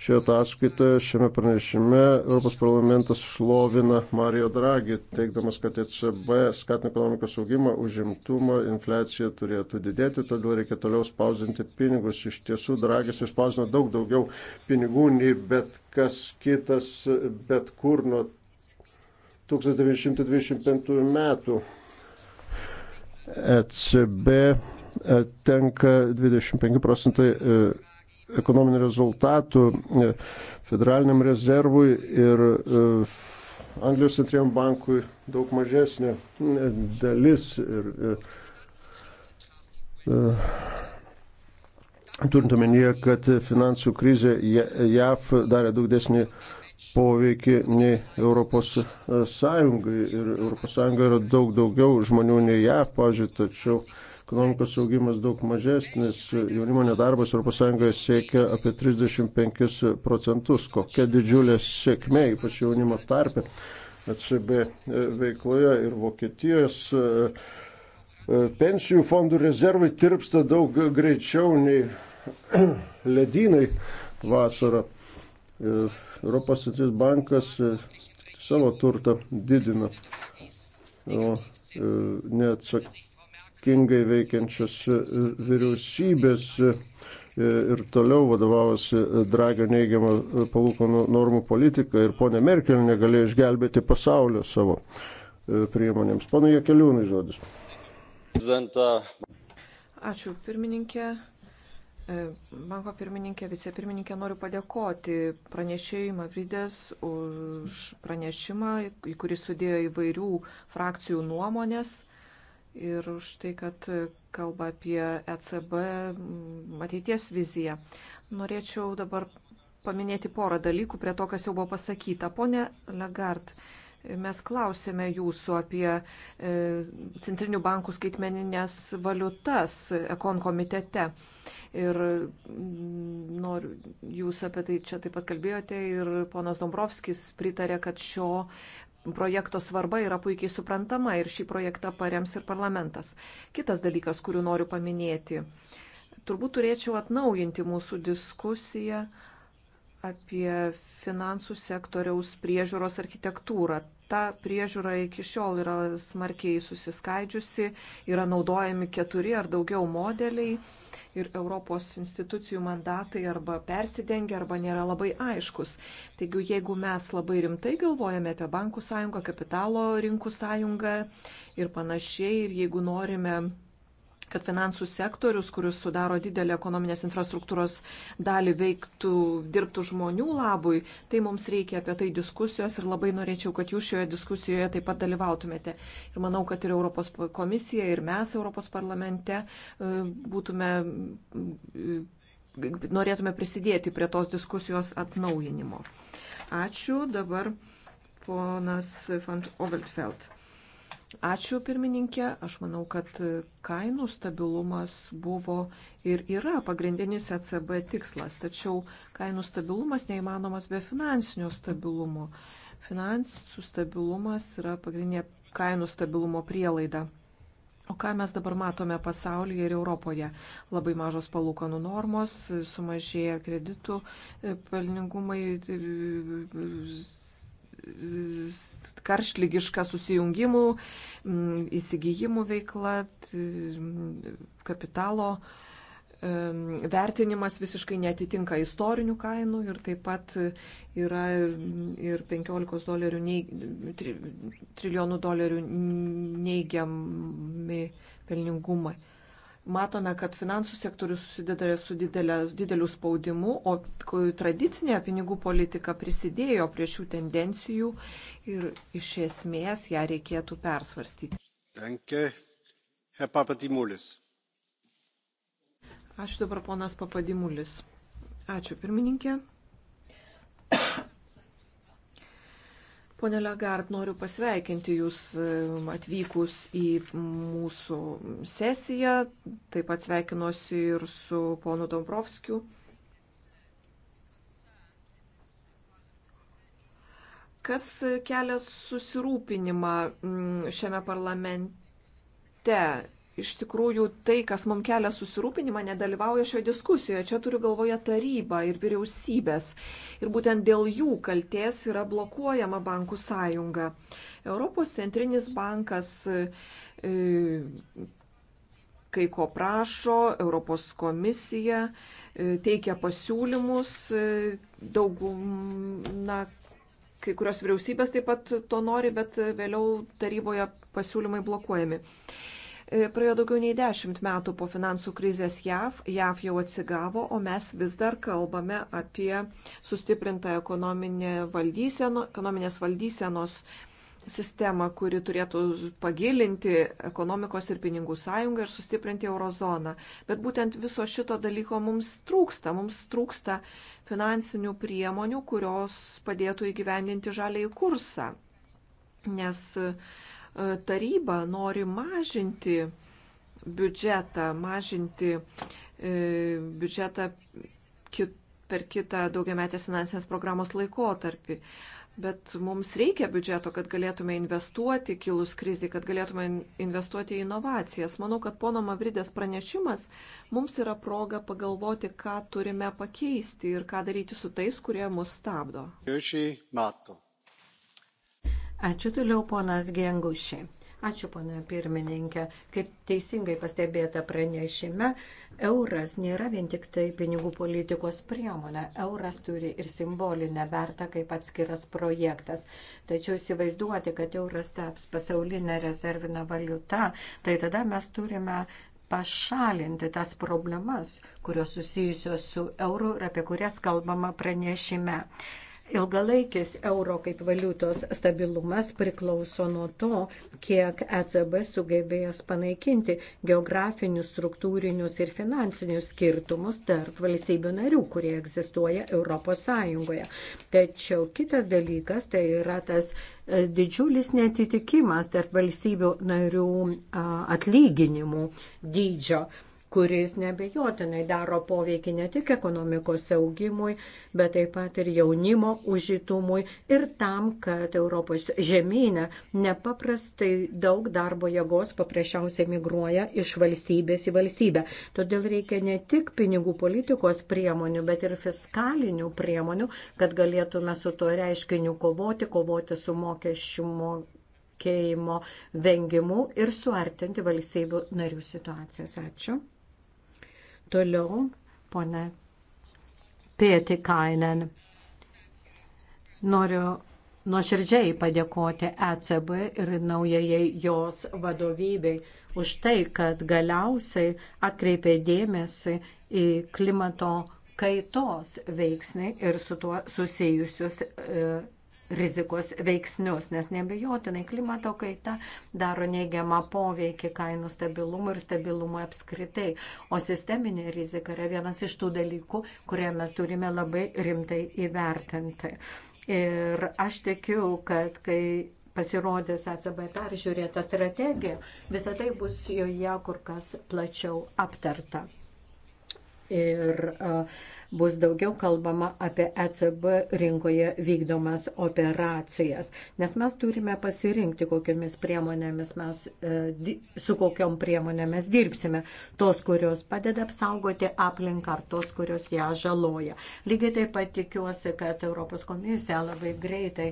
Šioje ataskaitoje, šiame pranešime Europos parlamentas šlovina Mario Draghi, teikdamas, kad ECB skatina ekonomikos augimą, užimtumą, infliacija turėtų didėti, todėl reikia toliau spausdinti pinigus. Iš tiesų, Draghi išspausdino daug daugiau pinigų nei bet kas kitas, bet kur nuo 1925 metų. ECB e, tenka 25 procentai e, ekonominių rezultatų e, federaliniam rezervui ir e, Anglijos centriniam bankui daug mažesnė e, dalis. Ir, ir, turint omenyje, kad finansų krizė JAF darė daug desnį poveikį nei Europos Sąjungai. Ir Europos Sąjunga yra daug daugiau žmonių nei JAF, pažiūrėjau, tačiau ekonomikos augimas daug mažesnis, jaunimo nedarbas ES siekia apie 35 procentus. Kokia didžiulė sėkmė, ypač jaunimo tarpe, ECB e, veikloje ir Vokietijos e, e, pensijų fondų rezervai tirpsta daug greičiau nei ledynai vasarą. Europos Centrinis bankas savo turtą didina. O neatsakymas atsakingai veikiančios e, vyriausybės e, ir toliau vadovavosi Dragio neigiamą e, palūkanų normų politiką ir ponė Merkel negalėjo išgelbėti pasaulio savo priemonėms. Pana Jekeliūnai žodis. Ačiū pirmininkė. Banko pirmininkė, vicepirmininkė, noriu padėkoti pranešėjai Mavridės už pranešimą, į kurį sudėjo įvairių frakcijų nuomonės ir už tai, kad kalba apie ECB mm, ateities viziją. Norėčiau dabar paminėti porą dalykų prie to, kas jau buvo pasakyta. Pone Legard, mes klausėme jūsų apie e, centrinių bankų skaitmeninės valiutas Ekon komitete. Ir mm, noriu, jūs apie tai čia taip pat kalbėjote ir ponas Dombrovskis pritarė, kad šio projekto svarba yra puikiai suprantama ir šį projektą parems ir parlamentas. Kitas dalykas, kurių noriu paminėti, turbūt turėčiau atnaujinti mūsų diskusiją apie finansų sektoriaus priežiūros architektūrą. Ta priežiūra iki šiol yra smarkiai susiskaidžiusi, yra naudojami keturi ar daugiau modeliai ir Europos institucijų mandatai arba persidengia, arba nėra labai aiškus. Taigi, jeigu mes labai rimtai galvojame apie bankų sąjungą, kapitalo rinkų sąjungą ir panašiai, ir jeigu norime kad finansų sektorius, kuris sudaro didelį ekonominės infrastruktūros dalį veiktų, dirbtų žmonių labui, tai mums reikia apie tai diskusijos ir labai norėčiau, kad jūs šioje diskusijoje taip pat dalyvautumėte. Ir manau, kad ir Europos komisija, ir mes Europos parlamente e, būtume, e, norėtume prisidėti prie tos diskusijos atnaujinimo. Ačiū dabar ponas Van Overtfeld. Ačiū pirmininkė. Aš manau, kad kainų stabilumas buvo ir yra pagrindinis ECB tikslas. Tačiau kainų stabilumas neįmanomas be finansinio stabilumo. Finansų stabilumas yra pagrindinė kainų stabilumo prielaida. O ką mes dabar matome pasaulyje ir Europoje? Labai mažos palūkanų normos, sumažėja kreditų pelningumai karšlygiška susijungimų, įsigijimų veikla, kapitalo vertinimas visiškai netitinka istorinių kainų ir taip pat yra ir 15 dolerių nei, tri, trilijonų dolerių neigiami pelningumai matome, kad finansų sektorius susidarė su didelė, dideliu spaudimu, o tradicinė pinigų politika prisidėjo prie šių tendencijų ir iš esmės ją reikėtų persvarstyti. Danke, Herr Papadimulis. Ačiū dabar ponas Papadimulis. Ačiū pirmininkė. Pone Lagard, noriu pasveikinti Jūs e, atvykus į mūsų sesiją. Taip pat sveikinuosi ir su ponu Dombrovskiu. Kas kelia susirūpinimą šiame parlamente? iš tikrųjų tai, kas mums kelia susirūpinimą, nedalyvauja šioje diskusijoje. Čia turiu galvoje tarybą ir vyriausybės. Ir būtent dėl jų kalties yra blokuojama bankų sąjunga. Europos centrinis bankas e, kai ko prašo, Europos komisija e, teikia pasiūlymus, e, daugum, na, kai kurios vyriausybės taip pat to nori, bet vėliau taryboje pasiūlymai blokuojami. E, praėjo daugiau nei dešimt metų po finansų krizės JAV, JAV jau atsigavo, o mes vis dar kalbame apie sustiprintą ekonominę valdyseno, ekonominės valdysenos sistemą, kuri turėtų pagilinti ekonomikos ir pinigų sąjungą ir sustiprinti eurozoną. Bet būtent viso šito dalyko mums trūksta. Mums trūksta finansinių priemonių, kurios padėtų įgyvendinti žaliai kursą. Nes uh, taryba nori mažinti biudžetą, mažinti e, biudžetą per kitą daugiametės finansinės programos laikotarpį. Bet mums reikia biudžeto, kad galėtume investuoti kilus krizį, kad galėtume investuoti į inovacijas. Manau, kad pono Mavridės pranešimas mums yra proga pagalvoti, ką turime pakeisti ir ką daryti su tais, kurie mus stabdo. Jošiai Mato. Ačiū toliau, ponas Gengušė. Ačiū, pana pirmininkė. Kaip teisingai pastebėta pranešime, euras nėra vien tik tai pinigų politikos priemonė. Euras turi ir simbolinę vertą kaip atskiras projektas. Tačiau įsivaizduoti, kad euras taps pasaulinė rezervinė valiuta, tai tada mes turime pašalinti tas problemas, kurios susijusios su euru ir apie kurias kalbama pranešime. Ilgalaikis euro kaip valiutos stabilumas priklauso nuo to, kiek ECB sugebėjęs panaikinti geografinius, struktūrinius ir finansinius skirtumus tarp valstybių narių, kurie egzistuoja ES. Tačiau kitas dalykas tai yra tas e, didžiulis netitikimas tarp valstybių narių atlyginimų dydžio kuris nebejotinai daro poveikį ne tik ekonomikos augimui, bet taip pat ir jaunimo užitumui ir tam, kad Europos žemynė nepaprastai daug darbo jėgos paprasčiausiai migruoja iš valstybės į valstybę. Todėl reikia ne tik pinigų politikos priemonių, bet ir fiskalinių priemonių, kad galėtume su tuo reiškiniu kovoti, kovoti su mokesčių mokėjimo vengimu ir suartinti valstybių narių situacijas. Ačiū. Toliau, ponė Pietikainen. Noriu nuoširdžiai padėkoti ECB ir naujajai jos vadovybei už tai, kad galiausiai atkreipė dėmesį į klimato kaitos veiksnį ir su tuo susijusius e, rizikos veiksnius, nes nebejotinai klimato kaita daro neigiamą poveikį kainų stabilumui ir stabilumui apskritai. O sisteminė rizika yra vienas iš tų dalykų, kurie mes turime labai rimtai įvertinti. Ir aš tikiu, kad kai pasirodys ECB peržiūrėta strategija, visą tai bus joje kur kas plačiau aptarta ir bus daugiau kalbama apie ECB rinkoje vykdomas operacijas, nes mes turime pasirinkti, kokiamis priemonėmis mes, e, su kokiom priemonėmis dirbsime. Tos, kurios padeda apsaugoti aplinką ar tos, kurios ją žaloja. Lygiai taip pat tikiuosi, kad Europos komisija labai greitai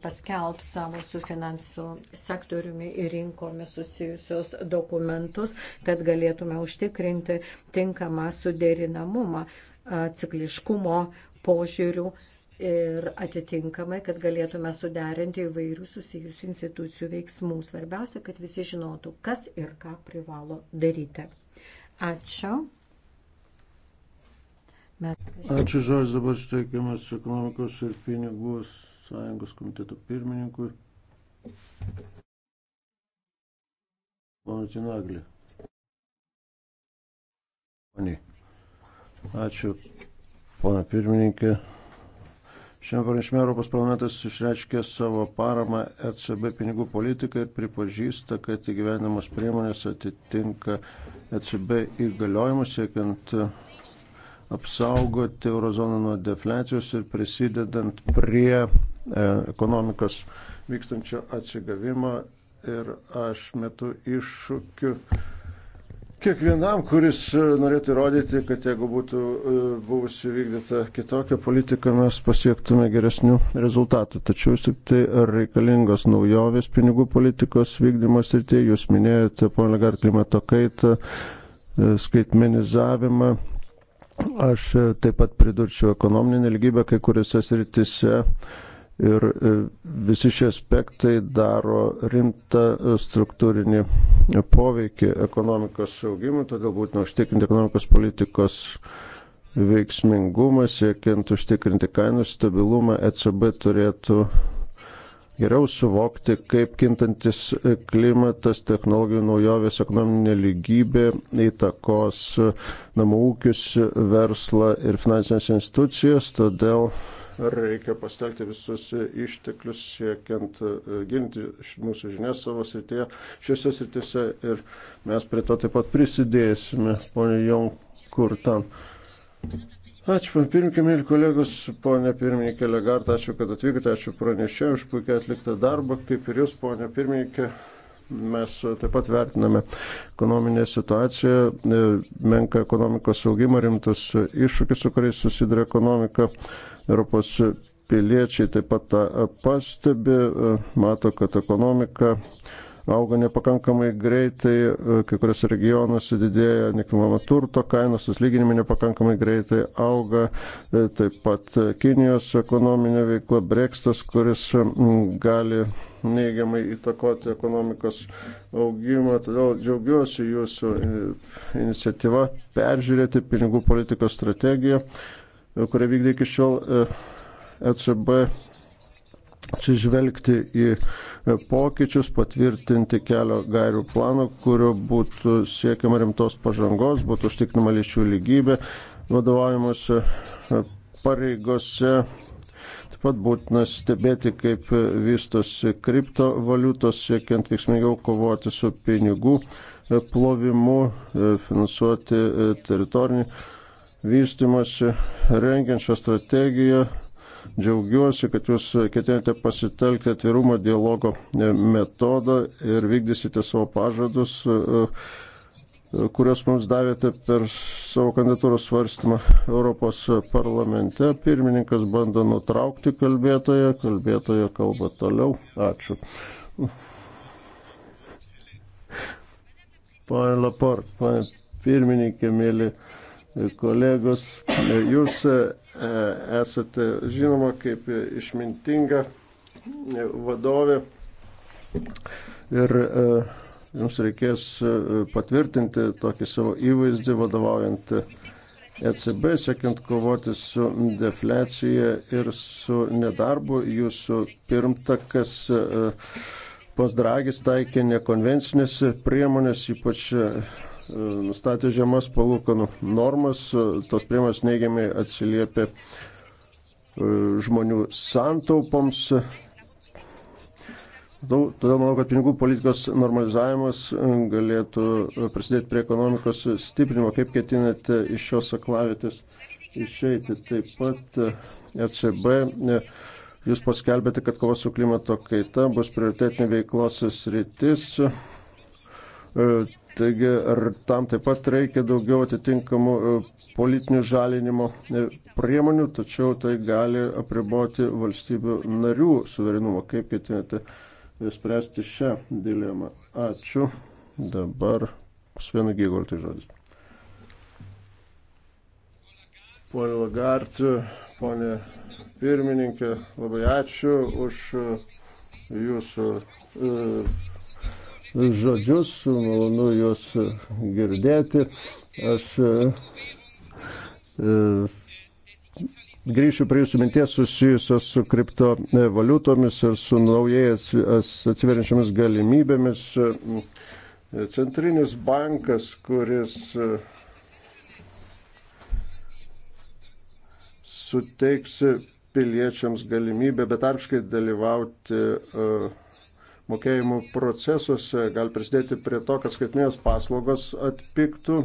paskelbs savo su finansų sektoriumi ir rinkomis susijusius dokumentus, kad galėtume užtikrinti tinkamą suderinamumą cikliškumo požiūrių ir atitinkamai, kad galėtume suderinti įvairių susijusių institucijų veiksmų. Svarbiausia, kad visi žinotų, kas ir ką privalo daryti. Ačiū. Mes... Ačiū žodžiu, dabar suteikiamas ekonomikos ir pinigų sąjungos komiteto pirmininkui. Pana Tinaglė. Pani. Ačiū, pana pirmininkė. Šiame pranešime Europos parlamentas išreiškė savo paramą ECB pinigų politikai ir pripažįsta, kad įgyvenamos priemonės atitinka ECB įgaliojimus, siekiant apsaugoti eurozoną nuo deflecijos ir prisidedant prie e, ekonomikos vykstančio atsigavimo. Ir aš metu iššūkiu Kiekvienam, kuris e, norėtų įrodyti, kad jeigu būtų e, buvusi vykdyta kitokia politika, mes pasiektume geresnių rezultatų. Tačiau vis tik tai ar reikalingos naujovės pinigų politikos vykdymo srityje, jūs minėjote, ponė Legar, klimato kaitą, e, skaitmenizavimą. Aš taip pat pridurčiau ekonominį nelygybę kai kuriuose srityse. Ir e, visi šie aspektai daro rimtą e, struktūrinį poveikį ekonomikos saugimui, todėl būtina užtikrinti ekonomikos politikos veiksmingumą, siekiant užtikrinti kainų stabilumą, ECB turėtų geriau suvokti, kaip kintantis klimatas, technologijų naujovės, ekonominė lygybė įtakos namų ūkius, verslą ir finansinės institucijas. Todėl reikia pastelti visus išteklius siekiant e, ginti mūsų žinias savo srityje, šiuose srityse ir mes prie to taip pat prisidėsime, ponė Jong, kur tam. Ačiū, pirmininkė, mėly kolegos, ponė pirmininkė Legart, ačiū, kad atvykote, ačiū pranešėjai už puikiai atliktą darbą, kaip ir jūs, ponė pirmininkė. Mes taip pat vertiname ekonominę situaciją, e, menka ekonomikos augimą, rimtas iššūkis, su kuriais susiduria ekonomika. Europos piliečiai taip pat pastebi, mato, kad ekonomika auga nepakankamai greitai, kai kuriuose regionuose didėja nekilnojamo turto kainos, atlyginimai nepakankamai greitai auga, taip pat Kinijos ekonominė veikla, brekstas, kuris gali neigiamai įtakoti ekonomikos augimą. Todėl džiaugiuosi jūsų iniciatyva peržiūrėti pinigų politikos strategiją kurią vykdė iki šiol ECB, e čia žvelgti į e, pokyčius, patvirtinti kelio gairių planą, kuriuo būtų siekiama rimtos pažangos, būtų užtikrinama lyčių lygybė, vadovaujamuose e, pareigose Taip pat būtina stebėti, kaip vystosi kriptovaliutos, siekiant veiksmingiau kovoti su pinigų plovimu, finansuoti teritorinį vystimasi rengiančią strategiją. Džiaugiuosi, kad jūs ketinate pasitelkti atvirumo dialogo metodą ir vykdysite savo pažadus, kuriuos mums davėte per savo kandidatūros svarstymą Europos parlamente. Pirmininkas bando nutraukti kalbėtoją, kalbėtoja kalba toliau. Ačiū. Pane Laport, pane pirmininkė, mėly. Mėly kolegos, jūs e, e, esate žinoma kaip išmintinga e, vadovė ir jums reikės patvirtinti tokį savo įvaizdį vadovaujant ECB, siekiant kovoti su deflecija ir su nedarbu. Jūsų pirmtakas Pasdragis taikė nekonvencinės priemonės, ypač nustatė žemas palūkanų normas, tos priemonės neigiamai atsiliepė e, žmonių santaupoms. Todėl manau, kad pinigų politikos normalizavimas galėtų prisidėti prie ekonomikos stiprinimo, kaip ketinate iš šios aklavitės išeiti. Taip pat ECB e e, Jūs paskelbėte, kad kova su klimato kaita bus prioritetinė veiklos sritis. E, taigi ir tam taip pat reikia daugiau atitinkamų e, politinių žalinimo e, priemonių, tačiau tai gali apriboti valstybių narių suverenumą. Kaip ketinate spręsti šią dilemą? Ačiū. Dabar Svenu Gygoltai žodis. Pone Lagart, pone pirmininkė, labai ačiū už jūsų. Uh, žodžius, malonu juos girdėti. Aš e, grįšiu prie jūsų minties susijusios su kriptovaliutomis ir su naujai atsiveriančiomis galimybėmis. Centrinis bankas, kuris e, suteiks piliečiams galimybę betarpiškai dalyvauti uh, mokėjimų procesuose gali prisidėti prie to, kad skaitmės paslaugos atpiktų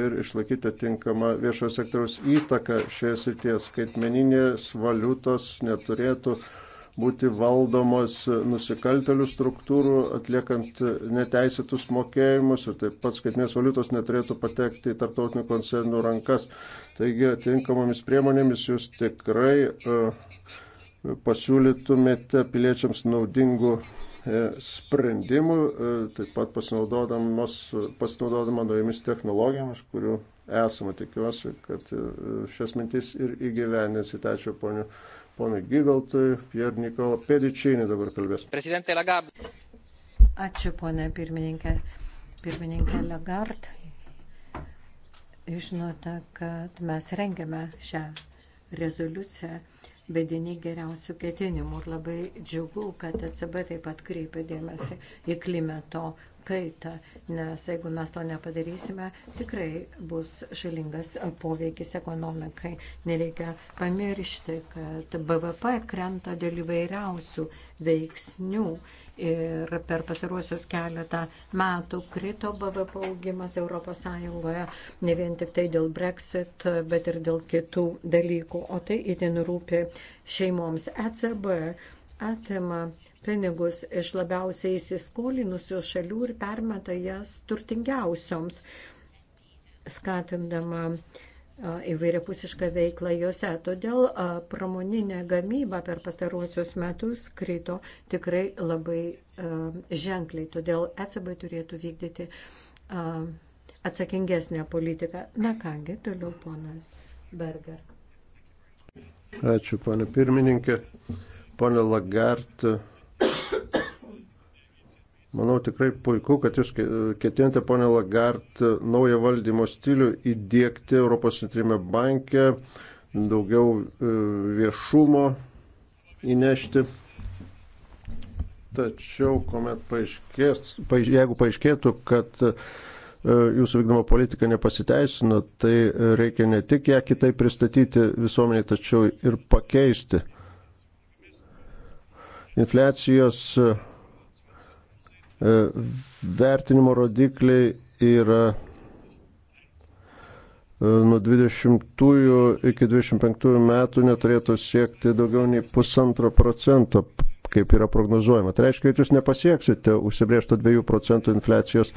ir išlaikyti tinkamą viešojo sektoriaus įtaką šioje srityje. Skaitmeninės valiutos neturėtų būti valdomos nusikaltelių struktūrų atliekant neteisėtus mokėjimus ir taip pat skaitmės valiutos neturėtų patekti į tarptautinių koncernų rankas. Taigi atinkamomis priemonėmis jūs tikrai uh, pasiūlytumėte piliečiams naudingų E, sprendimų, e, taip pat pasinaudodama naujomis technologijomis, kurių esame. Tikiuosi, kad e, šias mintis ir įgyveninsite. Ačiū poniu, ponui Gigaltui, Pier Nikola Pedičinį dabar kalbės. Prezidentė Lagard. Ačiū ponė pirmininkė. Pirmininkė Lagard. Žinote, kad mes rengiame šią rezoliuciją vedini geriausių ketinimų ir labai džiugu, kad ECB taip pat kreipia dėmesį į klimato kaitą, nes jeigu mes to nepadarysime, tikrai bus žalingas poveikis ekonomikai. Nereikia pamiršti, kad BVP krenta dėl įvairiausių veiksnių ir per pasaruosius keletą metų krito BVP augimas ES ne vien tik tai dėl Brexit, bet ir dėl kitų dalykų, o tai itin rūpi šeimoms. ECB atima pinigus iš labiausiai įsiskolinusių šalių ir permeta jas turtingiausioms, skatindama įvairiapusišką veiklą juose. Todėl pramoninė gamyba per pastaruosius metus krito tikrai labai ženkliai. Todėl ECB turėtų vykdyti atsakingesnę politiką. Na kągi, toliau ponas Berger. Ačiū, ponė pirmininkė. Pone Lagart, Manau tikrai puiku, kad jūs ketinate, ponė Lagart, naują valdymo stilių įdėkti Europos centrinėme banke, daugiau e, viešumo įnešti. Tačiau, kuomet paaiškės, paaiš, jeigu paaiškėtų, kad e, jūsų vykdoma politika nepasiteisino, tai e, reikia ne tik ją kitai pristatyti visuomeniai, tačiau ir pakeisti infliacijos e, e, vertinimo rodikliai yra e, nuo 20 iki 25 metų neturėtų siekti daugiau nei pusantro procento, kaip yra prognozuojama. Tai reiškia, kad jūs nepasieksite užsibriežto 2 procentų infliacijos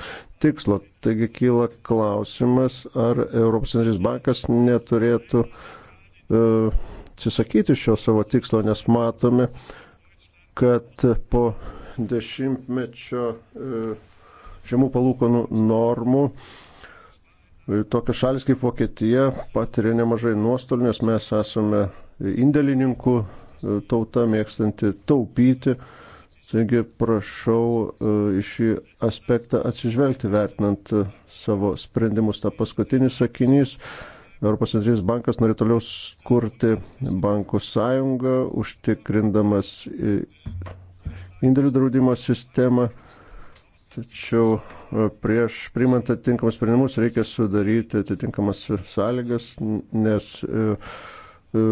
tikslo. Taigi kyla klausimas, ar Europos Centrinis bankas neturėtų atsisakyti uh, šio savo tikslo, nes matome, uh, kad po dešimtmečio e, žemų palūkanų normų e, tokios šalis kaip Vokietija patiria nemažai nuostolių, nes mes esame indėlininkų e, tauta mėgstanti taupyti. Taigi prašau į šį aspektą atsižvelgti vertinant savo sprendimus. Ta paskutinis sakinys Europos centrinis bankas nori toliau kurti bankų sąjungą, užtikrindamas indėlių draudimo sistemą. Tačiau e, prieš primant atitinkamus sprendimus reikia sudaryti atitinkamas sąlygas, nes e, e,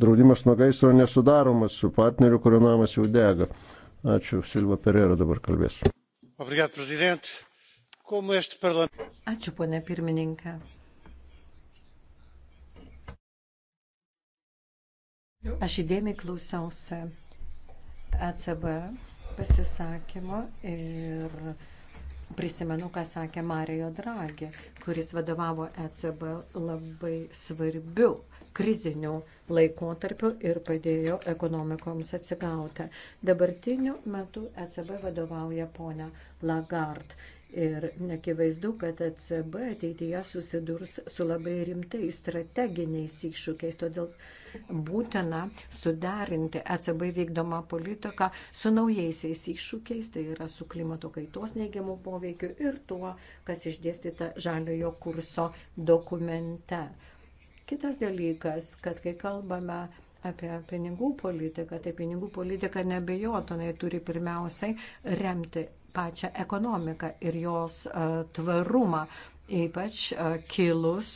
draudimas nuo gaisro nesudaromas su partneriu, kurio namas jau dega. Ačiū, Silva Perera dabar kalbės. Obrigado, Ačiū, ponė pirmininkė. Aš įdėmiai klausiausi ECB pasisakymo ir prisimenu, ką sakė Marijo Dragė, kuris vadovavo ECB labai svarbių krizinių laikotarpių ir padėjo ekonomikoms atsigauti. Dabartiniu metu ECB vadovauja ponia Lagarde Ir nekivaizdu, kad ECB ateityje susidurs su labai rimtai strateginiais iššūkiais, todėl būtina sudarinti ECB vykdomą politiką su naujaisiais iššūkiais, tai yra su klimato kaitos neigiamų poveikiu ir tuo, kas išdėstyta žaliojo kurso dokumente. Kitas dalykas, kad kai kalbame apie pinigų politiką, tai pinigų politika nebejotinai turi pirmiausiai remti pačią ekonomiką ir jos e, tvarumą, ypač e, kilus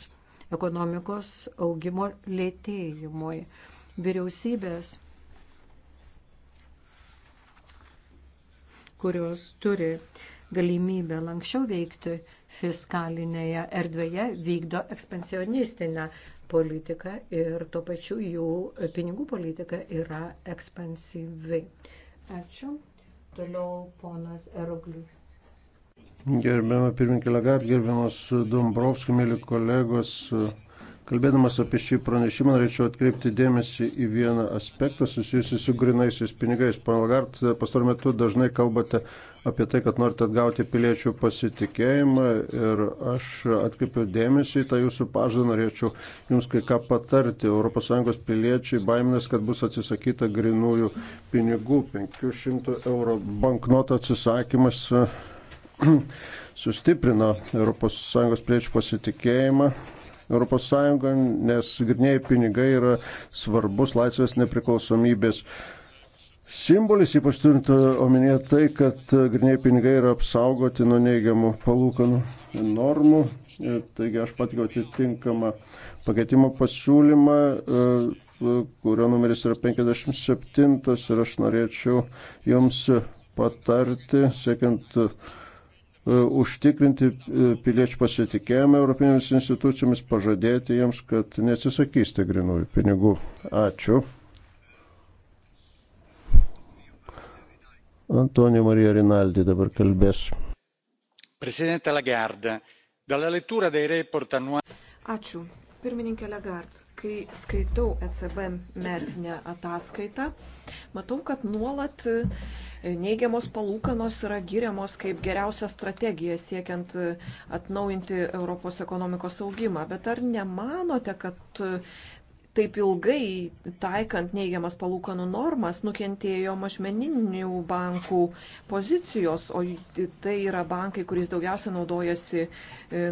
ekonomikos augimo lėtėjimui. Vyriausybės, kurios turi galimybę lankščiau veikti fiskalinėje erdvėje, vykdo ekspansionistinę politiką ir tuo pačiu jų pinigų politika yra ekspansyvi. Ačiū. Toliau ponas Eroglius. Gerbiama pirmininkė Lagat, gerbiamas Dombrovskis, mėly kolegos, kalbėdamas apie šį pranešimą norėčiau atkreipti dėmesį į vieną aspektą susijusi su grinaisiais pinigais. Pana Lagat, pastaruoju metu dažnai kalbate apie tai, kad norite atgauti piliečių pasitikėjimą ir aš atkreipiu dėmesį į tą jūsų pažadą, norėčiau jums kai ką patarti. ES piliečiai baiminas, kad bus atsisakyta grinųjų pinigų. 500 eurų banknoto atsisakymas sustiprino ES piliečių pasitikėjimą. ES, nes griniai pinigai yra svarbus laisvės nepriklausomybės uh, simbolis, ypač turint omenyje tai, kad e, griniai pinigai yra apsaugoti nuo neigiamų palūkanų normų. E, taigi aš patikiau atitinkamą pakeitimo pasiūlymą, e, kurio numeris yra 57 ir aš norėčiau jums patarti, siekiant užtikrinti piliečių pasitikėjimą Europinėmis institucijomis, pažadėti jiems, kad neatsisakysite grinųjų pinigų. Ačiū. Antonio Marija Rinaldi dabar kalbės. Prezidentė Lagarde, dalla lettura dei report annuali. Ačiū. Pirmininkė Lagarde, kai skaitau ECB metinę ataskaitą, matau, kad nuolat e, neigiamos palūkanos yra giriamos kaip geriausia strategija siekiant e, atnaujinti Europos ekonomikos augimą. Bet ar nemanote, kad e, taip ilgai taikant neigiamas palūkanų normas nukentėjo mažmeninių bankų pozicijos, o tai yra bankai, kuriais daugiausia naudojasi e,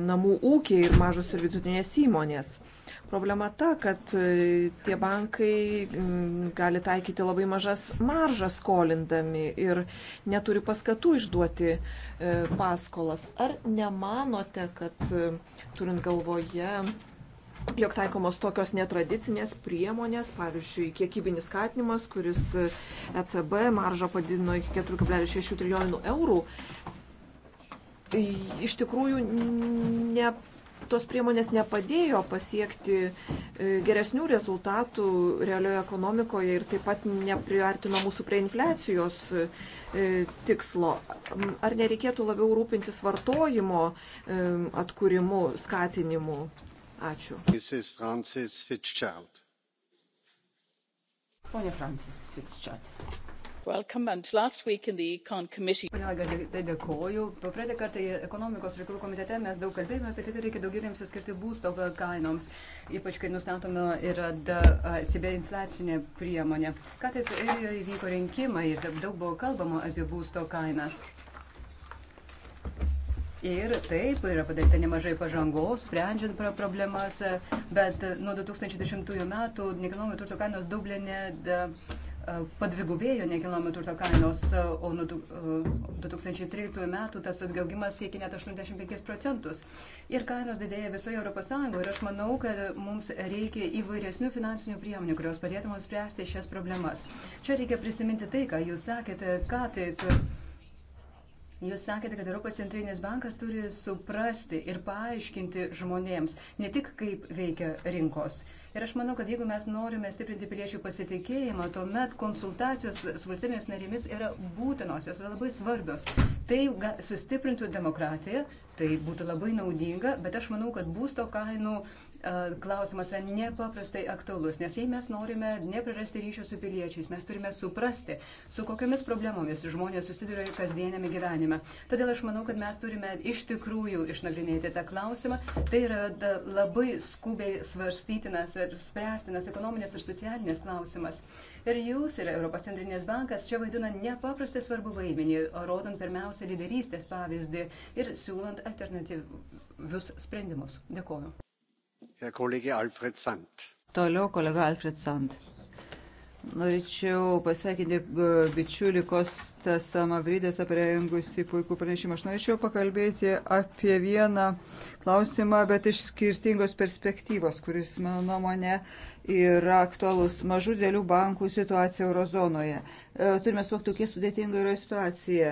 namų ūkiai ir mažos ir vidutinės įmonės. Problema ta, kad e, tie bankai gali taikyti labai mažas maržas skolindami ir neturi paskatų išduoti e, paskolas. Ar nemanote, kad turint galvoje jog taikomos tokios netradicinės priemonės, pavyzdžiui, kiekybinis skatinimas, kuris ECB e maržą padidino iki 4,6 trilijonų eurų, tai iš tikrųjų ne, tos priemonės nepadėjo pasiekti e, geresnių rezultatų realioje ekonomikoje ir taip pat nepriartino mūsų prie infliacijos e, tikslo. Ar nereikėtų labiau rūpintis vartojimo atkūrimu, skatinimu? Ačiū. Pone Francis Fitzgerald. Dėkoju. Praeitą kartą ekonomikos reikalų komitete mes daug kalbėjome apie tai, kad reikia daugiau dėmesio skirti būsto kainoms, ypač kai nustatome ir sibė inflacinė priemonė. Ką taip ir įvyko rinkimai ir daug buvo kalbama apie būsto kainas. Ir taip yra padaryta nemažai pažangos, sprendžiant problemas, bet nuo 2010 metų nekilnojamo turto kainos Dublinė padvigubėjo nekilnojamo turto kainos, o nuo 2013 metų tas atgaugimas siekia net 85 procentus. Ir kainos didėja visoje ES ir aš manau, kad mums reikia įvairesnių finansinių priemonių, kurios padėtų mums spręsti šias problemas. Čia reikia prisiminti tai, ką jūs sakėte, ką tik. Tai Jūs sakėte, kad Europos centrinis bankas turi suprasti ir paaiškinti žmonėms ne tik kaip veikia rinkos. Ir aš manau, kad jeigu mes norime stiprinti piliečių pasitikėjimą, tuomet konsultacijos su valstybėmis narėmis yra būtinos, jos yra labai svarbios. Tai sustiprintų demokratiją, tai būtų labai naudinga, bet aš manau, kad būsto kainų klausimas yra nepaprastai aktualus, nes jei mes norime neprarasti ryšio su piliečiais, mes turime suprasti, su kokiamis problemomis žmonės susiduria kasdienėme gyvenime. Todėl aš manau, kad mes turime iš tikrųjų išnagrinėti tą klausimą. Tai yra da, labai skubiai svarstytinas ir spręstinas ekonominės ir socialinės klausimas. Ir jūs ir Europos centrinės bankas čia vaidina nepaprastai svarbu vaidmenį, rodant pirmiausia lyderystės pavyzdį ir siūlant alternatyvius sprendimus. Dėkuoju. Toliau kolega Alfred Sand. Norėčiau pasveikinti e, bičiulį Kostą Samavrydę aprengusi puikų pranešimą. Aš norėčiau pakalbėti apie vieną klausimą, bet iš skirtingos perspektyvos, kuris, mano nuomonė, yra aktualus mažų dėlių bankų situacija eurozonoje. E, turime suvokti, kokia sudėtinga yra situacija.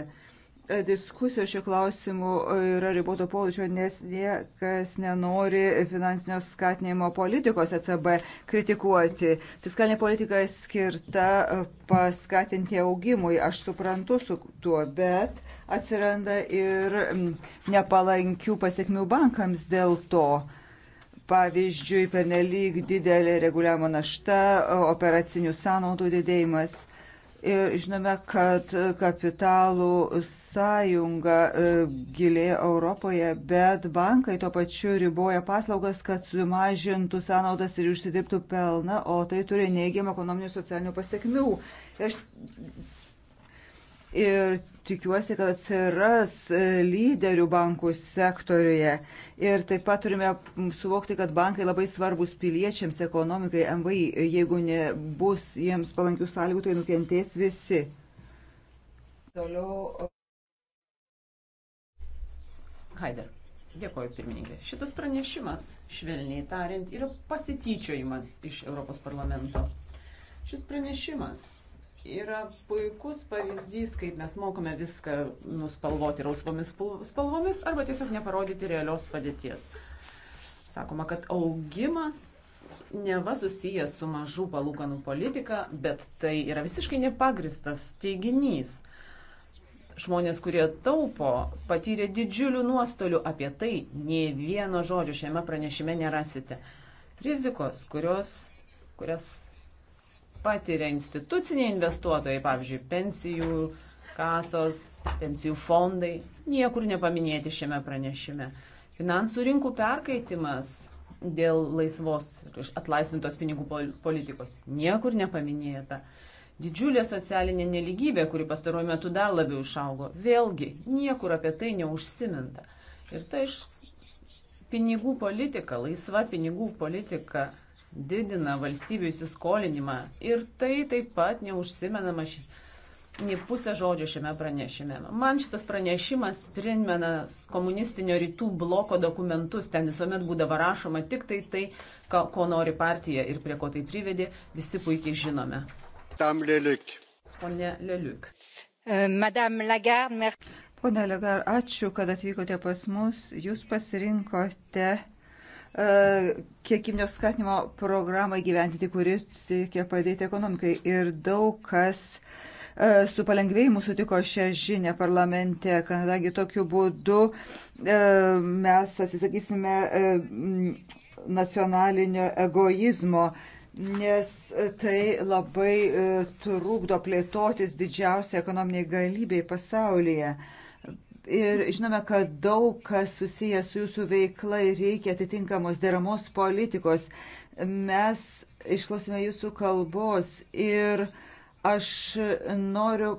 E, diskusijos šiuo klausimu e, yra riboto polučio, nes niekas nenori finansinio skatinimo politikos ECB kritikuoti. Fiskalinė politika skirta e, paskatinti augimui, aš suprantu su tuo, bet atsiranda ir nepalankių pasiekmių bankams dėl to. Pavyzdžiui, pernelyg didelė reguliavimo našta, operacinių sąnaudų didėjimas Ir žinome, kad kapitalų sąjunga e, gilėja Europoje, bet bankai tuo pačiu riboja paslaugas, kad sumažintų sąnaudas ir užsidirbtų pelną, o tai turi neigiamą ekonominių socialinių pasiekmių. Aš ir tikiuosi, kad atsiras e, lyderių bankų sektoriuje. Ir taip pat turime suvokti, kad bankai labai svarbus piliečiams, ekonomikai, MVI. Jeigu nebus jiems palankių sąlygų, tai nukentės visi. Toliau. E, Haider. Dėkoju, pirmininkė. Šitas pranešimas, švelniai tariant, yra pasityčiojimas iš Europos parlamento. Šis pranešimas yra puikus pavyzdys, kaip mes mokome viską nuspalvoti rausvomis spalvomis arba tiesiog neparodyti realios padėties. Sakoma, kad augimas neva susijęs su mažų palūkanų politika, bet tai yra visiškai nepagristas teiginys žmonės, kurie taupo, patyrė didžiulių nuostolių, apie tai nei vieno žodžio šiame pranešime nerasite. Rizikos, kurios, kurias patiria instituciniai investuotojai, pavyzdžiui, pensijų kasos, pensijų fondai, niekur nepaminėti šiame pranešime. Finansų rinkų perkaitimas dėl laisvos ir atlaisvintos pinigų politikos niekur nepaminėta. Didžiulė socialinė neligybė, kuri pastaruoju metu dar labiau išaugo, vėlgi niekur apie tai neužsiminta. Ir tai iš pinigų politika, laisva pinigų politika didina valstybių įsiskolinimą. Ir tai taip pat neužsimenama ši, nei pusę žodžio šiame pranešime. Man šitas pranešimas primena komunistinio rytų bloko dokumentus. Ten visuomet būdavo rašoma tik tai tai, ką, ko nori partija ir prie ko tai privedė, visi puikiai žinome. Tam lėliuk. Pone Lėliuk. E, Madame Lagarde, mer... Pone Lagarde, ačiū, kad atvykote pas mus. Jūs pasirinkote kiekiminio skatinimo programą gyventi, kuri siekia padėti ekonomikai. Ir daug kas e, su palengvėjimu sutiko šią žinę parlamente, kadangi tokiu būdu e, mes atsisakysime e, nacionalinio egoizmo, nes tai labai trukdo plėtotis didžiausiai ekonominiai galybei pasaulyje. Ir žinome, kad daug kas susijęs su jūsų veikla ir reikia atitinkamos deramos politikos. Mes išklausime jūsų kalbos ir aš noriu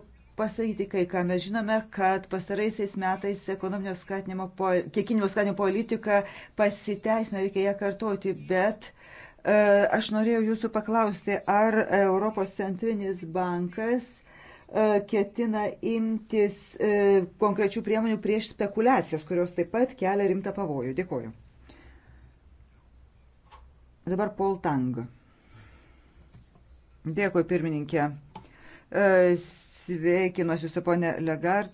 pasakyti kai ką. Mes žinome, kad pastaraisiais metais ekonominio skatinimo, kiekinimo skatinimo politika pasiteisino, reikia ją kartoti, bet e, aš norėjau jūsų paklausti, ar Europos centrinis bankas e, E, ketina imtis e, konkrečių priemonių prieš spekulacijas, kurios taip pat kelia rimtą pavojų. Dėkoju. Dabar Paul Tang. Dėkui, pirmininkė. E, sveikinuosi su ponė Legard.